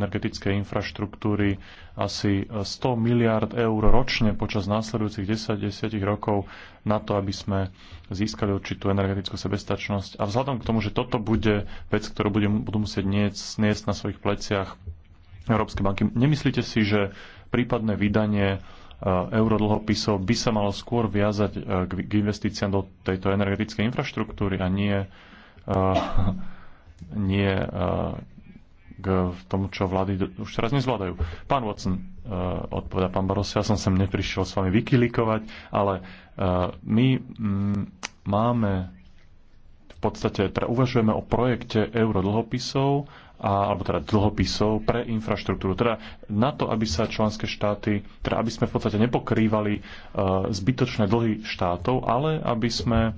energetickej infraštruktúry asi 100 miliard eur ročne počas následujúcich 10-10 rokov na to, aby sme získali určitú energetickú sebestačnosť. A vzhľadom k tomu, že toto bude vec, ktorú budú musieť niesť na svojich pleciach Európske banky, nemyslíte si, že prípadné vydanie Eh, eurodlhopisov by sa malo skôr viazať eh, k investíciám do tejto energetickej infraštruktúry a nie, eh, nie k tomu, čo vlády už teraz nezvládajú. Pán Watson, odpoveda pán Baros, ja som sem neprišiel s vami vykilikovať, ale my mm, máme v podstate, teda uvažujeme o projekte eurodlhopisov a, alebo teda dlhopisov pre infraštruktúru. Teda na to, aby sa členské štáty, teda aby sme v podstate nepokrývali e, zbytočné dlhy štátov, ale aby sme e,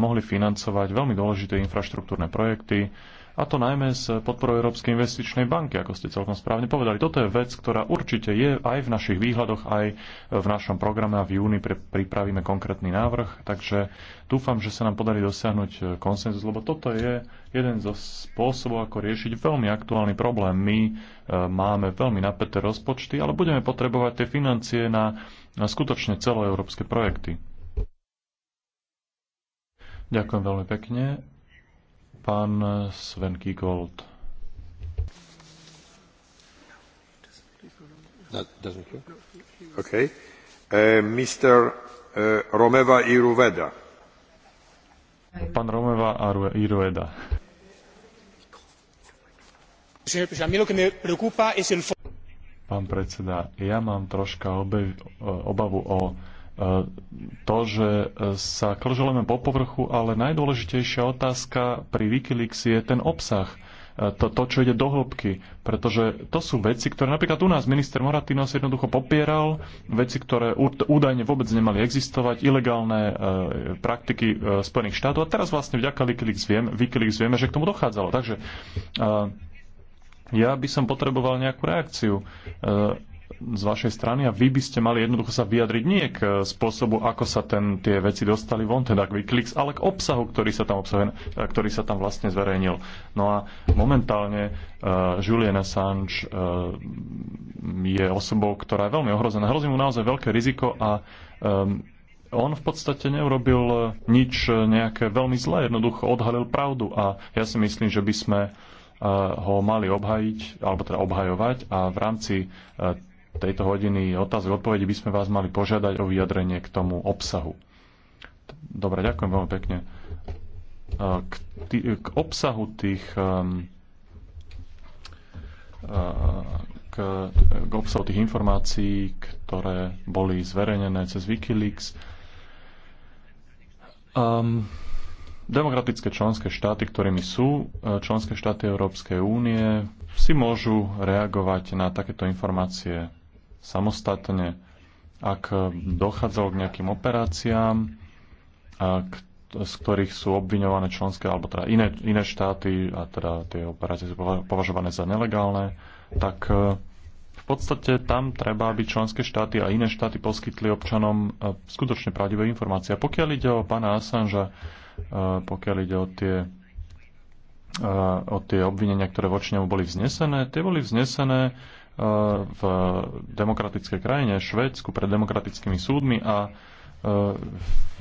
mohli financovať veľmi dôležité infraštruktúrne projekty, a to najmä s podporou Európskej investičnej banky, ako ste celkom správne povedali. Toto je vec, ktorá určite je aj v našich výhľadoch, aj v našom programe a v júni pripravíme konkrétny návrh, takže dúfam, že sa nám podarí dosiahnuť e, konsenzus, lebo toto je jeden zo spôsobov, ako riešiť veľmi aktuálny problém. My e, máme veľmi napäté rozpočty, ale budeme potrebovať tie financie na, na skutočne celoeurópske projekty. Ďakujem veľmi pekne. Pán Sven Kikold. No, okay. uh, Mr. Uh, Romeva Iruveda. Pán Romeva Iruveda. Pán predseda, ja mám troška obavu o E, to, že e, sa klželeme po povrchu, ale najdôležitejšia otázka pri Wikileaks je ten obsah, e, to, to čo ide do hĺbky. Pretože to sú veci, ktoré napríklad u nás minister Moratinos jednoducho popieral, veci, ktoré údajne vôbec nemali existovať, ilegálne e, praktiky e, Spojených štátov. A teraz vlastne vďaka Wikileaks, vieme, Wikileaks vieme, že k tomu dochádzalo. Takže e, ja by som potreboval nejakú reakciu z vašej strany a vy by ste mali jednoducho sa vyjadriť nie k eh, spôsobu, ako sa ten, tie veci dostali von, teda k Wikileaks, ale k obsahu, ktorý sa tam, obsahen, eh, ktorý sa tam vlastne zverejnil. No a momentálne uh, Julian Assange uh, je osobou, ktorá je veľmi ohrozená. Hrozí mu naozaj veľké riziko a um, on v podstate neurobil nič nejaké veľmi zlé, jednoducho odhalil pravdu a ja si myslím, že by sme ho mali obhajiť, alebo teda obhajovať a v rámci tejto hodiny otázok odpovedí by sme vás mali požiadať o vyjadrenie k tomu obsahu. Dobre, ďakujem veľmi pekne. K, tý, k obsahu tých ehm, k, k obsahu tých informácií, ktoré boli zverejnené cez Wikileaks. Um, demokratické členské štáty, ktorými sú e, členské štáty Európskej únie, si môžu reagovať na takéto informácie samostatne. Ak dochádzalo k nejakým operáciám, z ktorých sú obviňované členské alebo teda iné, iné štáty a teda tie operácie sú považované za nelegálne, tak e, v podstate tam treba, aby členské štáty a iné štáty poskytli občanom e, skutočne pravdivé informácie. A pokiaľ ide o pána Assange, e, pokiaľ ide o tie o tie obvinenia, ktoré voči nemu boli vznesené. Tie boli vznesené Eh, v demokratickej krajine, Švédsku, pred demokratickými súdmi a eh, v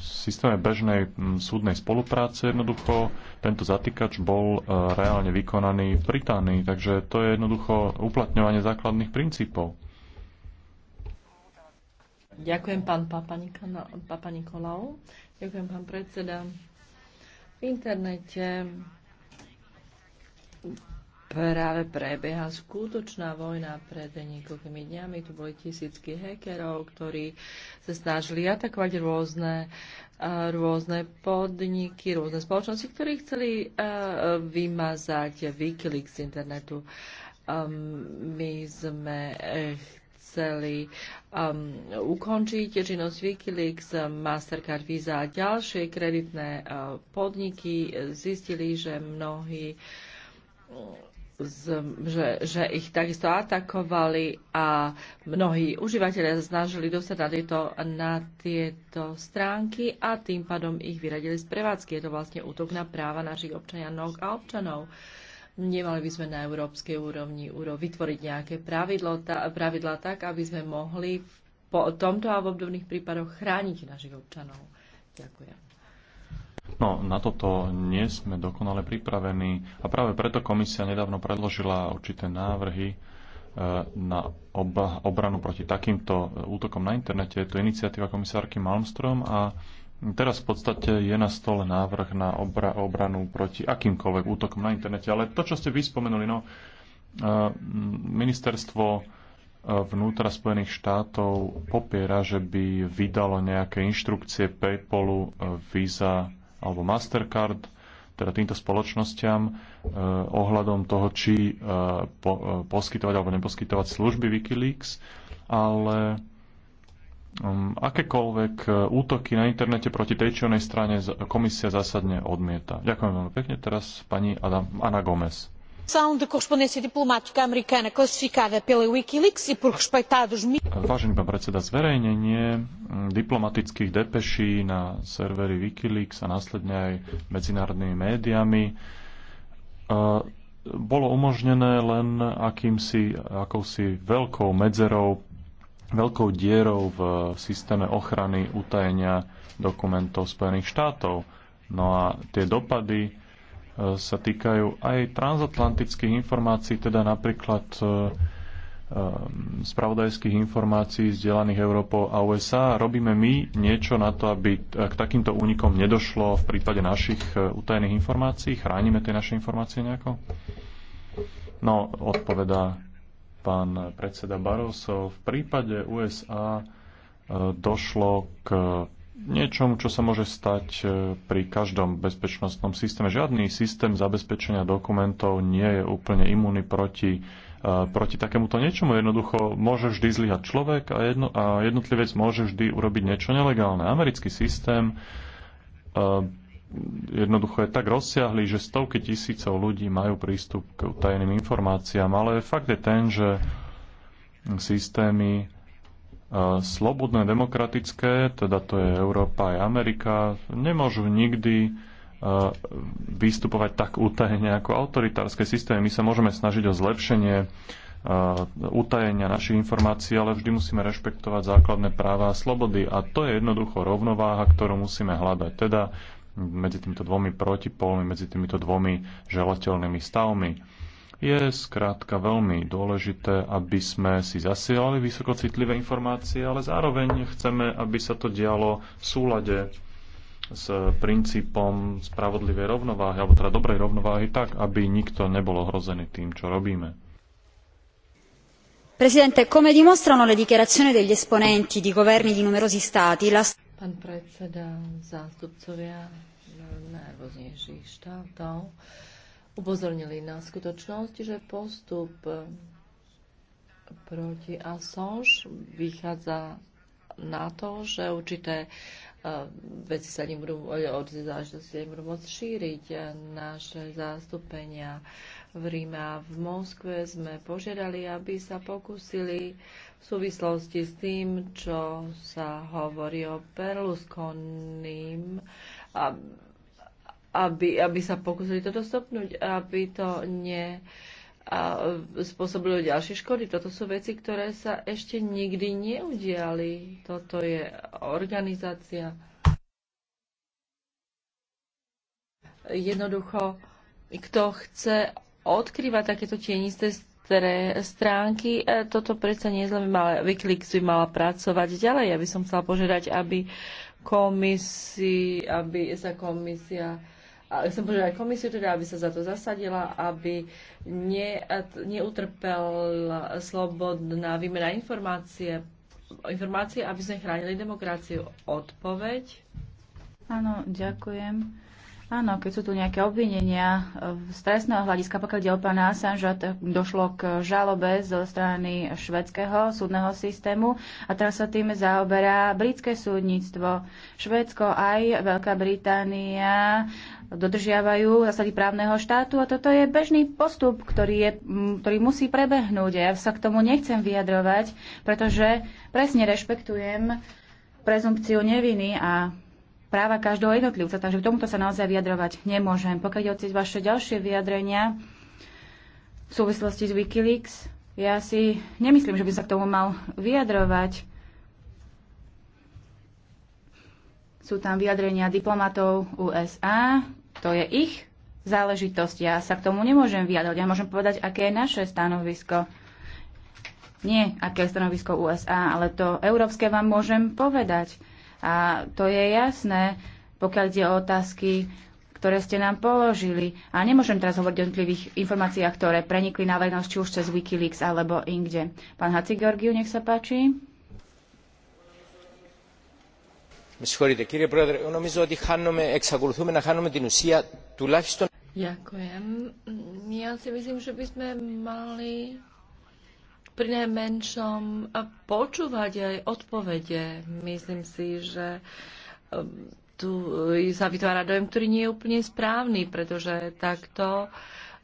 systéme bežnej hm, súdnej spolupráce jednoducho tento zatýkač bol eh, reálne vykonaný v Británii. Takže to je jednoducho uplatňovanie základných princípov. Ďakujem pán Papa, Papa Nikolau. Ďakujem pán predseda. V internete práve prebieha skutočná vojna pred niekoľkými dňami. Tu boli tisícky hekerov, ktorí sa snažili atakovať rôzne, rôzne podniky, rôzne spoločnosti, ktorí chceli vymazať Wikileaks z internetu. My sme e, chceli um, ukončiť činnosť Wikileaks, Mastercard, Visa a ďalšie kreditné uh, podniky. Zistili, že mnohí uh, že, že ich takisto atakovali a mnohí užívateľe snažili dostať na tieto, na tieto stránky a tým pádom ich vyradili z prevádzky. Je to vlastne útok na práva našich občanov a občanov. Nemali by sme na európskej úrovni vytvoriť nejaké pravidlo, ta, pravidla tak, aby sme mohli po tomto a v obdobných prípadoch chrániť našich občanov. Ďakujem. No, na toto nie sme dokonale pripravení a práve preto komisia nedávno predložila určité návrhy e, na oba, obranu proti takýmto e, útokom na internete. Je to iniciatíva komisárky Malmström a teraz v podstate je na stole návrh na obra, obranu proti akýmkoľvek útokom na internete. Ale to, čo ste vyspomenuli, no, e, ministerstvo vnútra Spojených štátov popiera, že by vydalo nejaké inštrukcie PayPalu, Visa alebo Mastercard, teda týmto spoločnosťam eh, ohľadom toho, či eh, po, eh, poskytovať alebo neposkytovať služby Wikileaks, ale um, akékoľvek eh, útoky na internete proti tej či strane komisia zásadne odmieta. Ďakujem veľmi pekne. Teraz pani Adam, Ana Gomez. E Vážený pán predseda, zverejnenie mm, diplomatických depeší na servery Wikileaks a následne aj medzinárodnými médiami e, bolo umožnené len akýmsi, akousi veľkou medzerou, veľkou dierou v systéme ochrany utajenia dokumentov Spojených štátov. No a tie dopady sa týkajú aj transatlantických informácií, teda napríklad e, e, spravodajských informácií zdieľaných Európou a USA. Robíme my niečo na to, aby k takýmto únikom nedošlo v prípade našich e, utajených informácií? Chránime tie naše informácie nejako? No, odpovedá pán predseda Barroso. V prípade USA došlo k niečom, čo sa môže stať e, pri každom bezpečnostnom systéme. Žiadny systém zabezpečenia dokumentov nie je úplne imúny proti, e, proti takémuto niečomu. Jednoducho môže vždy zlyhať človek a, jedno, a jednotlivec môže vždy urobiť niečo nelegálne. Americký systém e, jednoducho je tak rozsiahlý, že stovky tisícov ľudí majú prístup k tajným informáciám, ale fakt je ten, že systémy slobodné, demokratické, teda to je Európa aj Amerika, nemôžu nikdy e, vystupovať tak utajene ako autoritárske systémy. My sa môžeme snažiť o zlepšenie e, utajenia našich informácií, ale vždy musíme rešpektovať základné práva a slobody. A to je jednoducho rovnováha, ktorú musíme hľadať. Teda medzi týmito dvomi protipolmi, medzi týmito dvomi želateľnými stavmi. Je skrátka veľmi dôležité, aby sme si zasielali vysokocitlivé informácie, ale zároveň chceme, aby sa to dialo v súlade s princípom spravodlivej rovnováhy, alebo teda dobrej rovnováhy, tak, aby nikto nebol ohrozený tým, čo robíme. Presidente, come dimostrano le dichiarazioni degli esponenti di governi di numerosi stati, la... Pán predseda, zástupcovia najrôznejších štátov, upozornili na skutočnosť, že postup eh, proti Assange vychádza na to, že určité eh, veci sa nebudú, eh, od záležitosti nebudú môcť šíriť. Naše zastúpenia v Ríme a v Moskve sme požiadali, aby sa pokúsili v súvislosti s tým, čo sa hovorí o Berlusconim, aby, aby sa pokusili toto stopnúť, aby to ne a spôsobilo ďalšie škody. Toto sú veci, ktoré sa ešte nikdy neudiali. Toto je organizácia. Jednoducho, kto chce odkrývať takéto tienisté stránky. E, toto predsa zle, ale Wikileaks by mala pracovať ďalej. Ja by som chcela požiadať, aby komisi, aby sa komisia a som požiadať komisiu teda, aby sa za to zasadila, aby ne, neutrpel slobodná výmena informácie, informácie, aby sme chránili demokraciu. Odpoveď? Áno, ďakujem. Áno, keď sú tu nejaké obvinenia eh, z trestného hľadiska, pokiaľ ide o pána Assange, došlo k žalobe zo strany švedského súdneho systému a teraz sa tým zaoberá britské súdnictvo. Švédsko aj Veľká Británia uh, dodržiavajú zásady právneho štátu a toto je bežný postup, ktorý, je, ktorý musí prebehnúť. Ja sa k tomu nechcem vyjadrovať, pretože presne rešpektujem prezumpciu neviny a práva každého jednotlivca, takže k tomuto sa naozaj vyjadrovať nemôžem. Pokiaľ ide vaše ďalšie vyjadrenia v súvislosti s Wikileaks, ja si nemyslím, že by sa k tomu mal vyjadrovať Sú tam vyjadrenia diplomatov USA, to je ich záležitosť. Ja sa k tomu nemôžem vyjadriť. Ja môžem povedať, aké je naše stanovisko. Nie, aké je stanovisko USA, ale to európske vám môžem povedať. A to je jasné, pokiaľ ide o otázky, ktoré ste nám položili. A nemôžem teraz hovoriť o jednotlivých informáciách, ktoré prenikli na verejnosť, či už cez Wikileaks alebo inde. Pán Haci Georgiu, nech sa páči. Ďakujem. Ja si myslím, že by sme mali pri najmenšom počúvať aj odpovede. Myslím si, že ehm, tu sa vytvára dojem, ktorý nie je úplne správny, pretože takto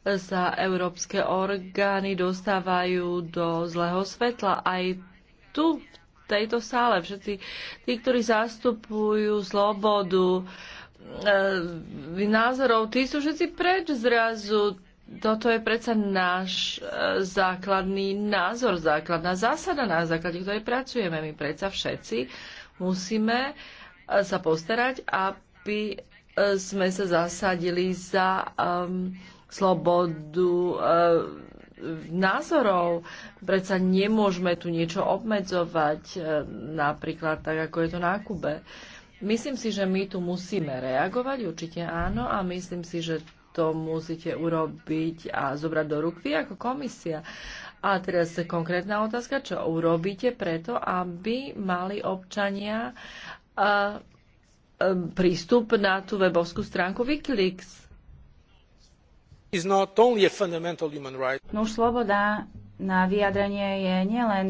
sa európske orgány dostávajú do zlého svetla. Aj tu v tejto sále. Všetci tí, ktorí zastupujú slobodu, e, názorov, tí sú všetci preč zrazu. Toto je predsa náš e, základný názor, základná zásada, na základe ktorej pracujeme. My predsa všetci musíme e, sa postarať, aby e, sme sa zasadili za um, slobodu um, názorov. Predsa nemôžeme tu niečo obmedzovať, e, napríklad tak, ako je to na Kube. Myslím si, že my tu musíme reagovať, určite áno, a myslím si, že to musíte urobiť a zobrať do ruky ako komisia. A teraz konkrétna otázka, čo urobíte preto, aby mali občania e, e, prístup na tú webovskú stránku Wikileaks? No sloboda na vyjadrenie je nielen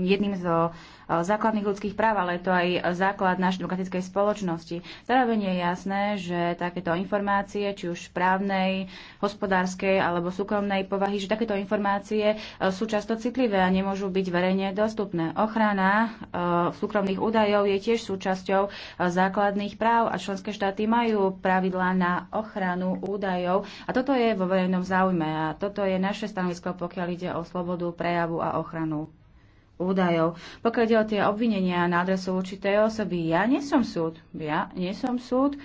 jedným zo Eh, základných ľudských práv, ale je to aj základ našej demokratickej spoločnosti. Zároveň je jasné, že takéto informácie, či už právnej, hospodárskej alebo súkromnej povahy, že takéto informácie eh, sú často citlivé a nemôžu byť verejne dostupné. Ochrana eh, súkromných údajov je tiež súčasťou základných práv a členské štáty majú pravidlá na ochranu údajov a toto je vo verejnom záujme a toto je naše stanovisko, pokiaľ ide o slobodu prejavu a ochranu údajov. Pokiaľ ide o tie obvinenia na adresu určitej osoby, ja nie som súd. Ja nie som súd.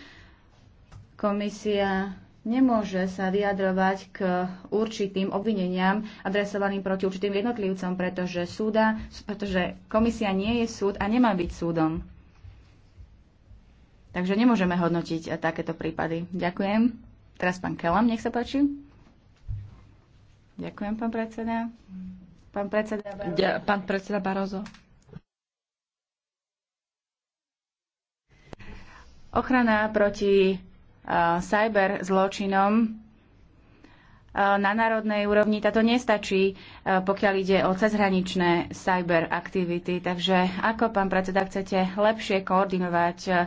Komisia nemôže sa vyjadrovať k určitým obvineniam adresovaným proti určitým jednotlivcom, pretože, súda, pretože komisia nie je súd a nemá byť súdom. Takže nemôžeme hodnotiť takéto prípady. Ďakujem. Teraz pán Kelam, nech sa páči. Ďakujem, pán predseda. Pán predseda Barozo. Ja, pán predseda Barozo. Ochrana proti uh, cyber zločinom uh, na národnej úrovni táto nestačí, uh, pokiaľ ide o cezhraničné cyber aktivity. Takže ako, pán predseda, chcete lepšie koordinovať uh,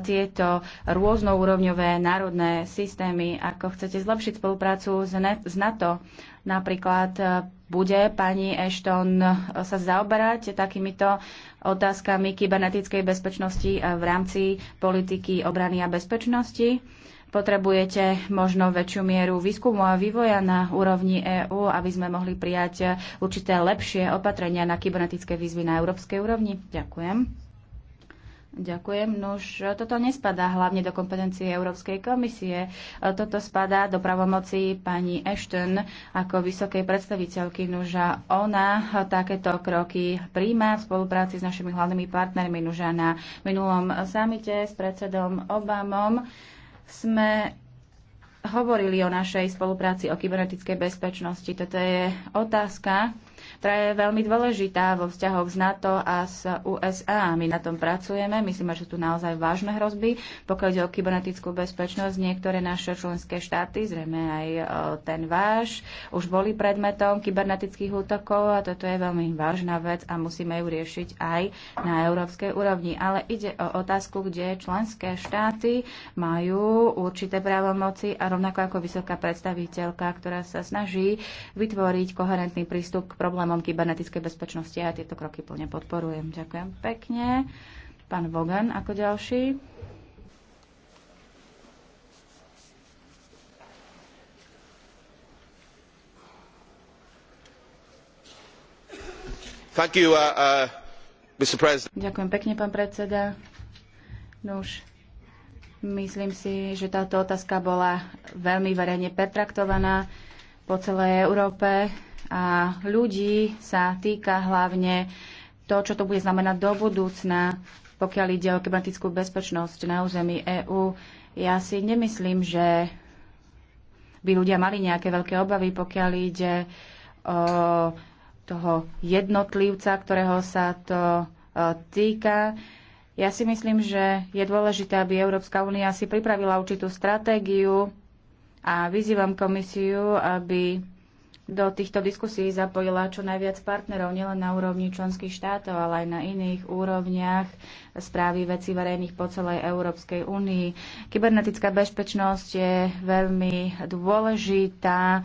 tieto rôznoúrovňové národné systémy? Ako chcete zlepšiť spoluprácu s e NATO Napríklad e, bude pani Ashton e, sa zaoberať takýmito otázkami kybernetickej bezpečnosti e, v rámci politiky obrany a bezpečnosti? Potrebujete možno väčšiu mieru výskumu a vývoja na úrovni EÚ, aby sme mohli prijať určité lepšie opatrenia na kybernetické výzvy na európskej úrovni? Ďakujem. Ďakujem. Nož, toto nespadá hlavne do kompetencie Európskej komisie. Toto spadá do pravomoci pani Ashton ako vysokej predstaviteľky. Noža ona takéto kroky príjma v spolupráci s našimi hlavnými partnermi. Noža na minulom samite s predsedom Obamom sme hovorili o našej spolupráci o kybernetickej bezpečnosti. Toto je otázka, ktorá je veľmi dôležitá vo vzťahoch s NATO a s USA. My na tom pracujeme, myslíme, že sú tu naozaj vážne hrozby. Pokiaľ ide o kybernetickú bezpečnosť, niektoré naše členské štáty, zrejme aj e, ten váš, už boli predmetom kybernetických útokov a toto je veľmi vážna vec a musíme ju riešiť aj na európskej úrovni. Ale ide o otázku, kde členské štáty majú určité právomoci a rovnako ako vysoká predstaviteľka, ktorá sa snaží vytvoriť koherentný prístup k problémom problémom kybernetickej bezpečnosti a ja tieto kroky plne podporujem. Ďakujem pekne. Pán Vogan ako ďalší. You, uh, uh, Ďakujem pekne, pán predseda. No už myslím si, že táto otázka bola veľmi verejne pertraktovaná po celej Európe a ľudí sa týka hlavne to, čo to bude znamenať do budúcna, pokiaľ ide o kybernetickú bezpečnosť na území EÚ. Ja si nemyslím, že by ľudia mali nejaké veľké obavy, pokiaľ ide o toho jednotlivca, ktorého sa to e, týka. Ja si myslím, že je dôležité, aby Európska únia si pripravila určitú stratégiu a vyzývam komisiu, aby do týchto diskusí zapojila čo najviac partnerov, nielen na úrovni členských štátov, ale aj na iných úrovniach správy veci verejných po celej Európskej únii. Kybernetická bezpečnosť je veľmi dôležitá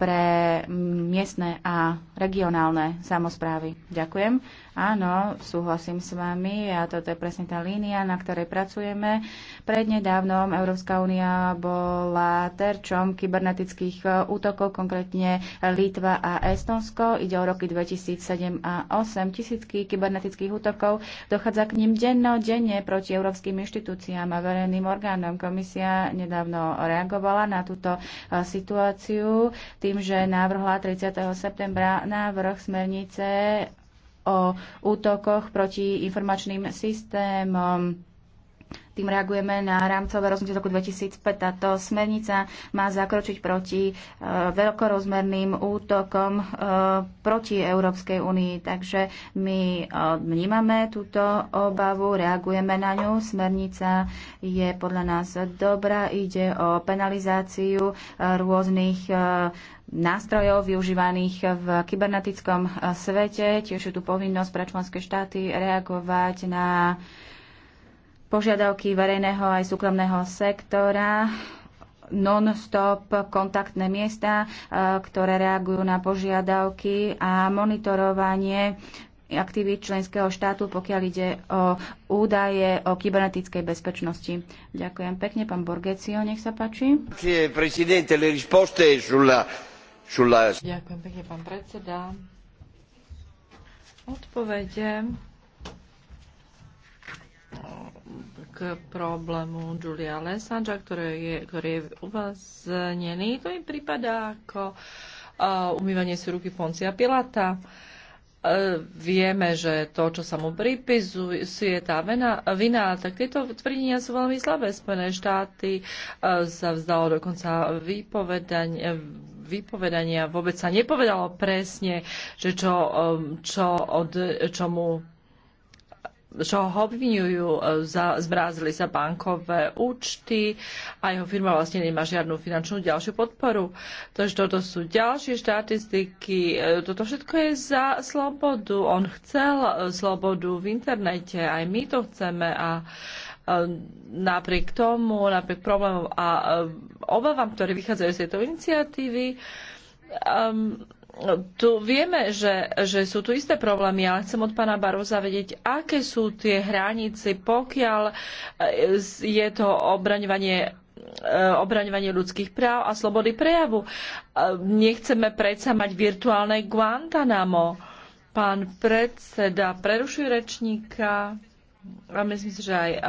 pre miestne a regionálne samozprávy. Ďakujem. Áno, súhlasím s vami a toto je presne tá línia, na ktorej pracujeme. Prednedávnom Európska únia bola terčom kybernetických eh, útokov, konkrétne Litva a Estonsko. Ide o roky 2007 a 2008. Tisícky kybernetických útokov dochádza k ním denne proti európskym inštitúciám a verejným orgánom. Komisia nedávno reagovala na túto eh, situáciu tým, že návrhla 30. septembra návrh smernice o útokoch proti informačným systémom tým reagujeme na rámcové rozhodnutie z roku 2005. Táto smernica má zakročiť proti e, veľkorozmerným útokom e, proti Európskej únii. Takže my e, vnímame túto obavu, reagujeme na ňu. Smernica je podľa nás dobrá. Ide o penalizáciu rôznych nástrojov využívaných v kybernetickom svete. Tiež je tu povinnosť pre členské štáty reagovať na požiadavky verejného aj súkromného sektora, non-stop kontaktné miesta, e, ktoré reagujú na požiadavky a monitorovanie aktivít členského štátu, pokiaľ ide o údaje o kybernetickej bezpečnosti. Ďakujem pekne, pán Borgecio, nech sa páči. Ďakujem pekne, pán predseda. Odpovede k problému Julia Lesanja, ktorý je, ktorý je uvaznený. To mi prípada ako eh, umývanie si ruky Poncia Pilata. Eh, vieme, že to, čo sa mu pripisuje, tá vena, vina, tak tieto tvrdenia sú veľmi slabé. Spojené štáty eh, sa vzdalo dokonca výpovedanie, vypovedania, vôbec sa nepovedalo presne, že čo, čo od, mu čo ho obvinujú, e, zbrázili sa bankové účty a jeho firma vlastne nemá žiadnu finančnú ďalšiu podporu. Takže toto sú ďalšie štatistiky. E, toto všetko je za slobodu. On chcel e, slobodu v internete, aj my to chceme a napriek tomu, napriek problémom a obavám, ktoré vychádzajú z tejto iniciatívy, um, tu vieme, že, že sú tu isté problémy, ale chcem od pána Baroza vedieť, aké sú tie hranice, pokiaľ e, je to obraňovanie e, obraňovanie ľudských práv a slobody prejavu. E, nechceme predsa mať virtuálne Guantanamo. Pán predseda prerušuj rečníka a myslím si, že aj um,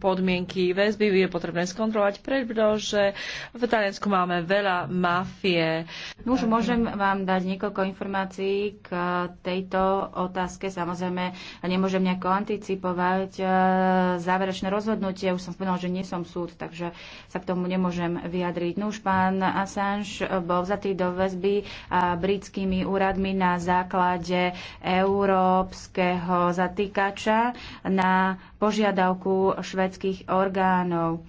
podmienky väzby je potrebné skontrolovať, pretože v Taliansku máme veľa mafie. Už môžem vám dať niekoľko informácií k tejto otázke. Samozrejme, nemôžem nejako anticipovať e, záverečné rozhodnutie. Už som spomínal, že nie som súd, takže sa k tomu nemôžem vyjadriť. No už pán Assange bol vzatý do väzby e, britskými úradmi na základe európskeho zatýkača na požiadavku švedských orgánov.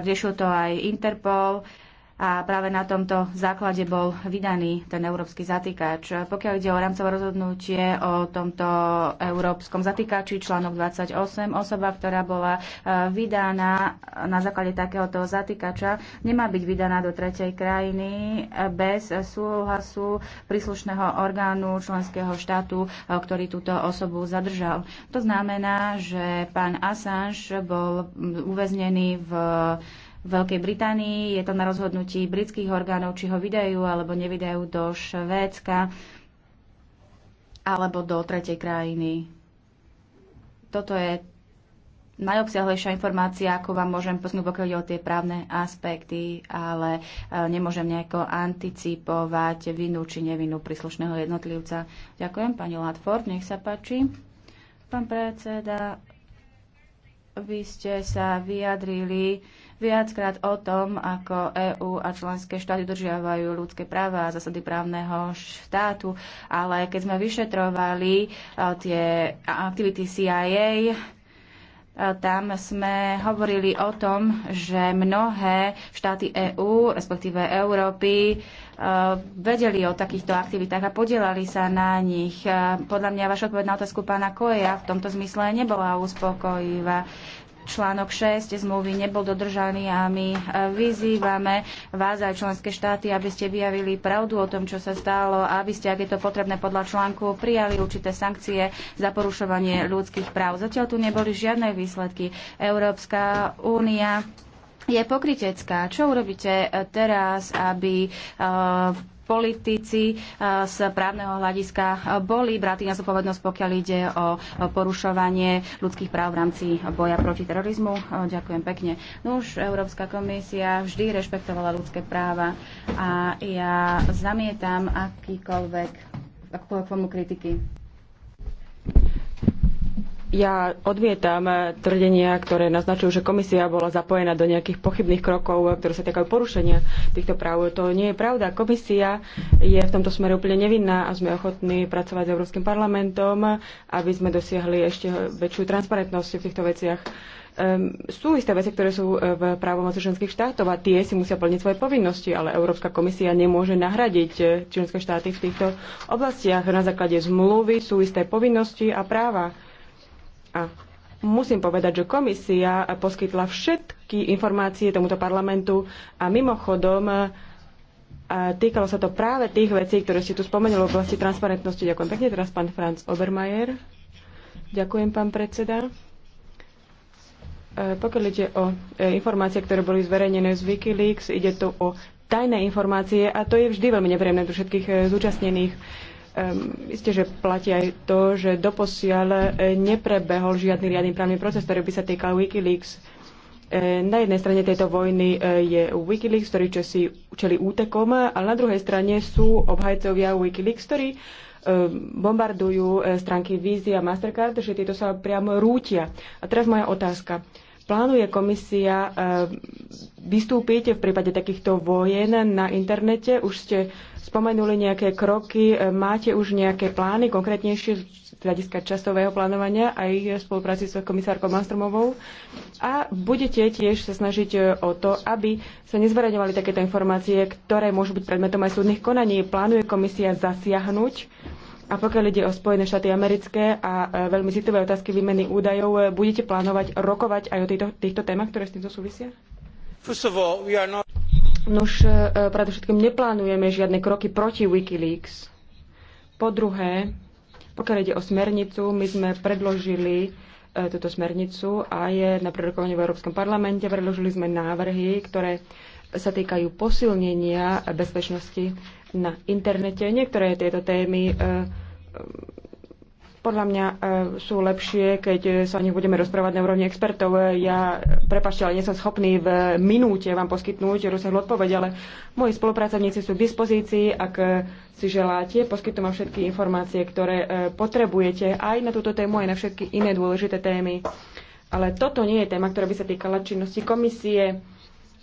Riešil to aj Interpol a práve na tomto základe bol vydaný ten európsky zatýkač. Pokiaľ ide o rámcové rozhodnutie o tomto európskom zatýkači, článok 28, osoba, ktorá bola e, vydaná na základe takéhoto zatýkača, nemá byť vydaná do tretej krajiny e, bez súhlasu príslušného orgánu členského štátu, e, ktorý túto osobu zadržal. To znamená, že pán Assange bol uväznený v Veľkej Británii. Je to na rozhodnutí britských orgánov, či ho vydajú alebo nevydajú do Švédska alebo do tretej krajiny. Toto je najobsiahlejšia informácia, ako vám môžem posnúť, pokiaľ o tie právne aspekty, ale e, nemôžem nejako anticipovať vinu či nevinu príslušného jednotlivca. Ďakujem, pani Latford, nech sa páči. Pán predseda, vy ste sa vyjadrili viackrát o tom, ako EÚ a členské štáty dodržiavajú ľudské práva a zásady právneho štátu, ale keď sme vyšetrovali e, tie aktivity CIA, e, tam sme hovorili o tom, že mnohé štáty EÚ, respektíve Európy, e, vedeli o takýchto aktivitách a podielali sa na nich. Podľa mňa vaša odpoveď na otázku pána Koja v tomto zmysle nebola uspokojivá článok 6 zmluvy nebol dodržaný a my e, vyzývame vás aj členské štáty, aby ste vyjavili pravdu o tom, čo sa stalo a aby ste, ak je to potrebné podľa článku, prijali určité sankcie za porušovanie ľudských práv. Zatiaľ tu neboli žiadne výsledky. Európska únia je pokritecká. Čo urobíte e, teraz, aby uh, politici e, z právneho hľadiska boli bratí na zodpovednosť, pokiaľ ide o porušovanie ľudských práv v rámci boja proti terorizmu. E, ďakujem pekne. No už Európska komisia vždy rešpektovala ľudské práva a ja zamietam akýkoľvek akúkoľvek formu kritiky. Ja odmietam tvrdenia, ktoré naznačujú, že komisia bola zapojená do nejakých pochybných krokov, ktoré sa týkajú porušenia týchto práv. To nie je pravda. Komisia je v tomto smere úplne nevinná a sme ochotní pracovať s Európskym parlamentom, aby sme dosiahli ešte väčšiu transparentnosť v týchto veciach. Um, sú isté veci, ktoré sú e, v právomoci členských štátov a tie si musia plniť svoje povinnosti, ale Európska komisia nemôže nahradiť e, členské štáty v týchto oblastiach. Na základe zmluvy sú isté povinnosti a práva a musím povedať, že komisia poskytla všetky informácie tomuto parlamentu a mimochodom a týkalo sa to práve tých vecí, ktoré ste tu spomenuli v oblasti transparentnosti. Ďakujem pekne. Teraz pán Franz Obermajer. Ďakujem, pán predseda. E, pokiaľ ide o e, informácie, ktoré boli zverejnené z Wikileaks, ide tu o tajné informácie a to je vždy veľmi nepríjemné pre všetkých e, zúčastnených. Um, isté, že platí aj to, že doposiaľ eh, neprebehol žiadny riadny právny proces, ktorý by sa týkal Wikileaks. Eh, na jednej strane tejto vojny eh, je Wikileaks, ktorý si čeli útekom, ale na druhej strane sú obhajcovia Wikileaks, ktorí ehm, bombardujú stránky Visa a Mastercard, že tieto sa priamo rútia. A teraz moja otázka. Plánuje komisia ehm, vystúpiť v prípade takýchto vojen na internete? Už ste spomenuli nejaké kroky. E, Máte už nejaké plány, konkrétnejšie z hľadiska časového plánovania aj v spolupráci s komisárkou Mastromovou. A budete tiež sa snažiť e, o to, aby sa nezverejňovali takéto informácie, ktoré môžu byť predmetom aj súdnych konaní. Plánuje komisia zasiahnuť? A pokiaľ ide o Spojené štáty americké a e, veľmi citové otázky výmeny údajov, budete plánovať rokovať aj o týchto, týchto témach, ktoré s týmto súvisia? Nož, e, predovšetkým neplánujeme žiadne kroky proti Wikileaks. Po druhé, pokiaľ ide o smernicu, my sme predložili e, túto smernicu a je na prerokovaní v Európskom parlamente. Predložili sme návrhy, ktoré sa týkajú posilnenia bezpečnosti na internete. Niektoré tieto témy e, podľa mňa e, sú lepšie, keď e, sa o nich budeme rozprávať na úrovni expertov. E, ja, prepašte, ale nie som schopný v minúte vám poskytnúť rozsahlú odpoveď, ale moji spolupracovníci sú k dispozícii, ak si želáte, poskytnú vám všetky informácie, ktoré potrebujete aj na túto tému, aj na všetky iné dôležité témy. Ale toto nie je téma, ktorá by sa týkala činnosti komisie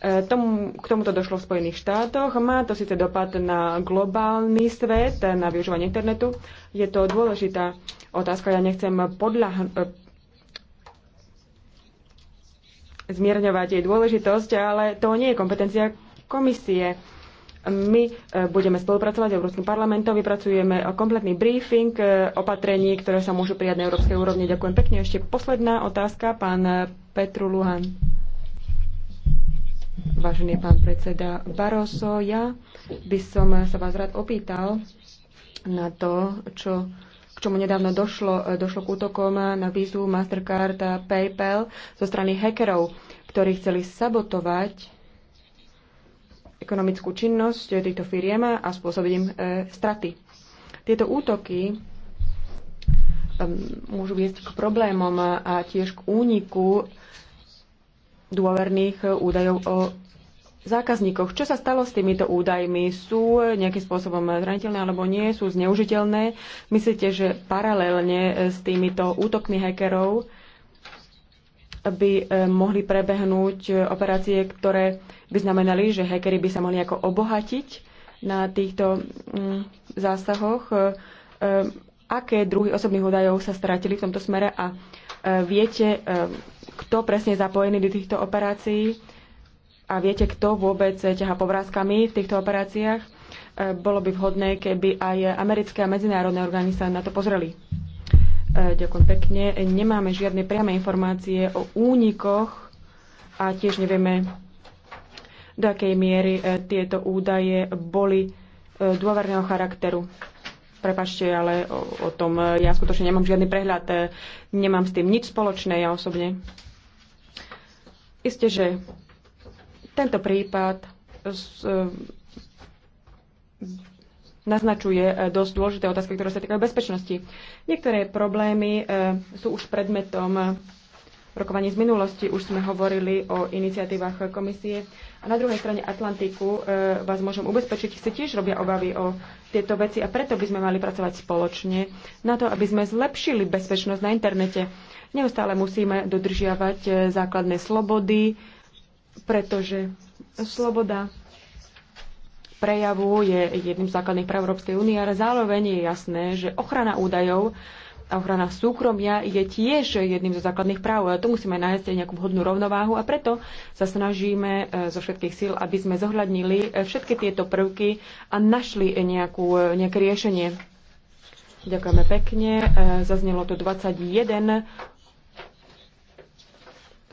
Tomu, k tomuto došlo v Spojených štátoch. Má to síce dopad na globálny svet, na využívanie internetu. Je to dôležitá otázka. Ja nechcem podľa, zmierňovať jej dôležitosť, ale to nie je kompetencia komisie. My e, budeme spolupracovať s Európskym parlamentom, vypracujeme kompletný briefing e, opatrení, ktoré sa môžu prijať na európskej úrovni. Ďakujem pekne. Ešte posledná otázka, pán Petru Luhan. Vážený pán predseda Barroso, ja by som sa vás rád opýtal na to, čo, k čomu nedávno došlo, došlo k útokom na Vizu, Mastercard a PayPal zo strany hackerov, ktorí chceli sabotovať ekonomickú činnosť týchto firiem a spôsobiť im e, straty. Tieto útoky e, môžu viesť k problémom a tiež k úniku dôverných eh, údajov o zákazníkoch. Čo sa stalo s týmito údajmi? Sú nejakým spôsobom zraniteľné alebo nie? Sú zneužiteľné? Myslíte, že paralelne eh, s týmito útokmi hackerov by eh, mohli prebehnúť operácie, ktoré by znamenali, že hackery by sa mohli ako obohatiť na týchto mm, zásahoch? Aké druhy osobných údajov sa stratili v tomto smere a viete kto presne je zapojený do týchto operácií a viete, kto vôbec ťaha povrázkami v týchto operáciách. E, bolo by vhodné, keby aj americké a medzinárodné orgány sa na to pozreli. E, ďakujem pekne. Nemáme žiadne priame informácie o únikoch a tiež nevieme, do akej miery e, tieto údaje boli dôverného charakteru prepašte, ale o, o tom e, ja skutočne nemám žiadny prehľad. E, nemám s tým nič spoločné ja osobne. Isté, že tento prípad e, naznačuje dosť dôležité otázky, ktoré sa týkajú bezpečnosti. Niektoré problémy sú už predmetom rokovaní z minulosti už sme hovorili o iniciatívach komisie. A na druhej strane Atlantiku e, vás môžem ubezpečiť, si tiež robia obavy o tieto veci a preto by sme mali pracovať spoločne na to, aby sme zlepšili bezpečnosť na internete. Neustále musíme dodržiavať e, základné slobody, pretože sloboda prejavu je jedným z základných práv Európskej únie, ale zároveň je jasné, že ochrana údajov a ochrana súkromia je tiež jedným zo základných práv. To musíme nájsť nejakú vhodnú rovnováhu a preto sa snažíme e, zo všetkých síl, aby sme zohľadnili e, všetky tieto prvky a našli nejakú, e, nejaké riešenie. Ďakujeme pekne. Zaznelo to 21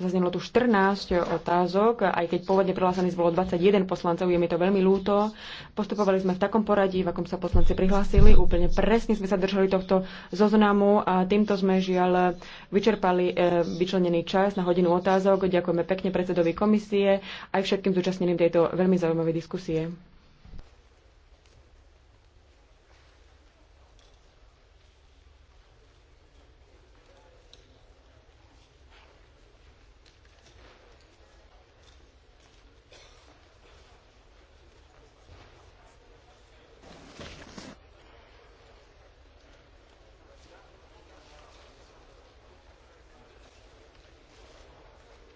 Zaznelo tu 14 otázok, aj keď pôvodne prihlásených bolo 21 poslancov, je mi to veľmi ľúto. Postupovali sme v takom poradí, v akom sa poslanci prihlásili. Úplne presne sme sa držali tohto zoznamu a týmto sme žiaľ vyčerpali e, vyčlenený čas na hodinu otázok. Ďakujeme pekne predsedovi komisie aj všetkým zúčastneným tejto veľmi zaujímavej diskusie.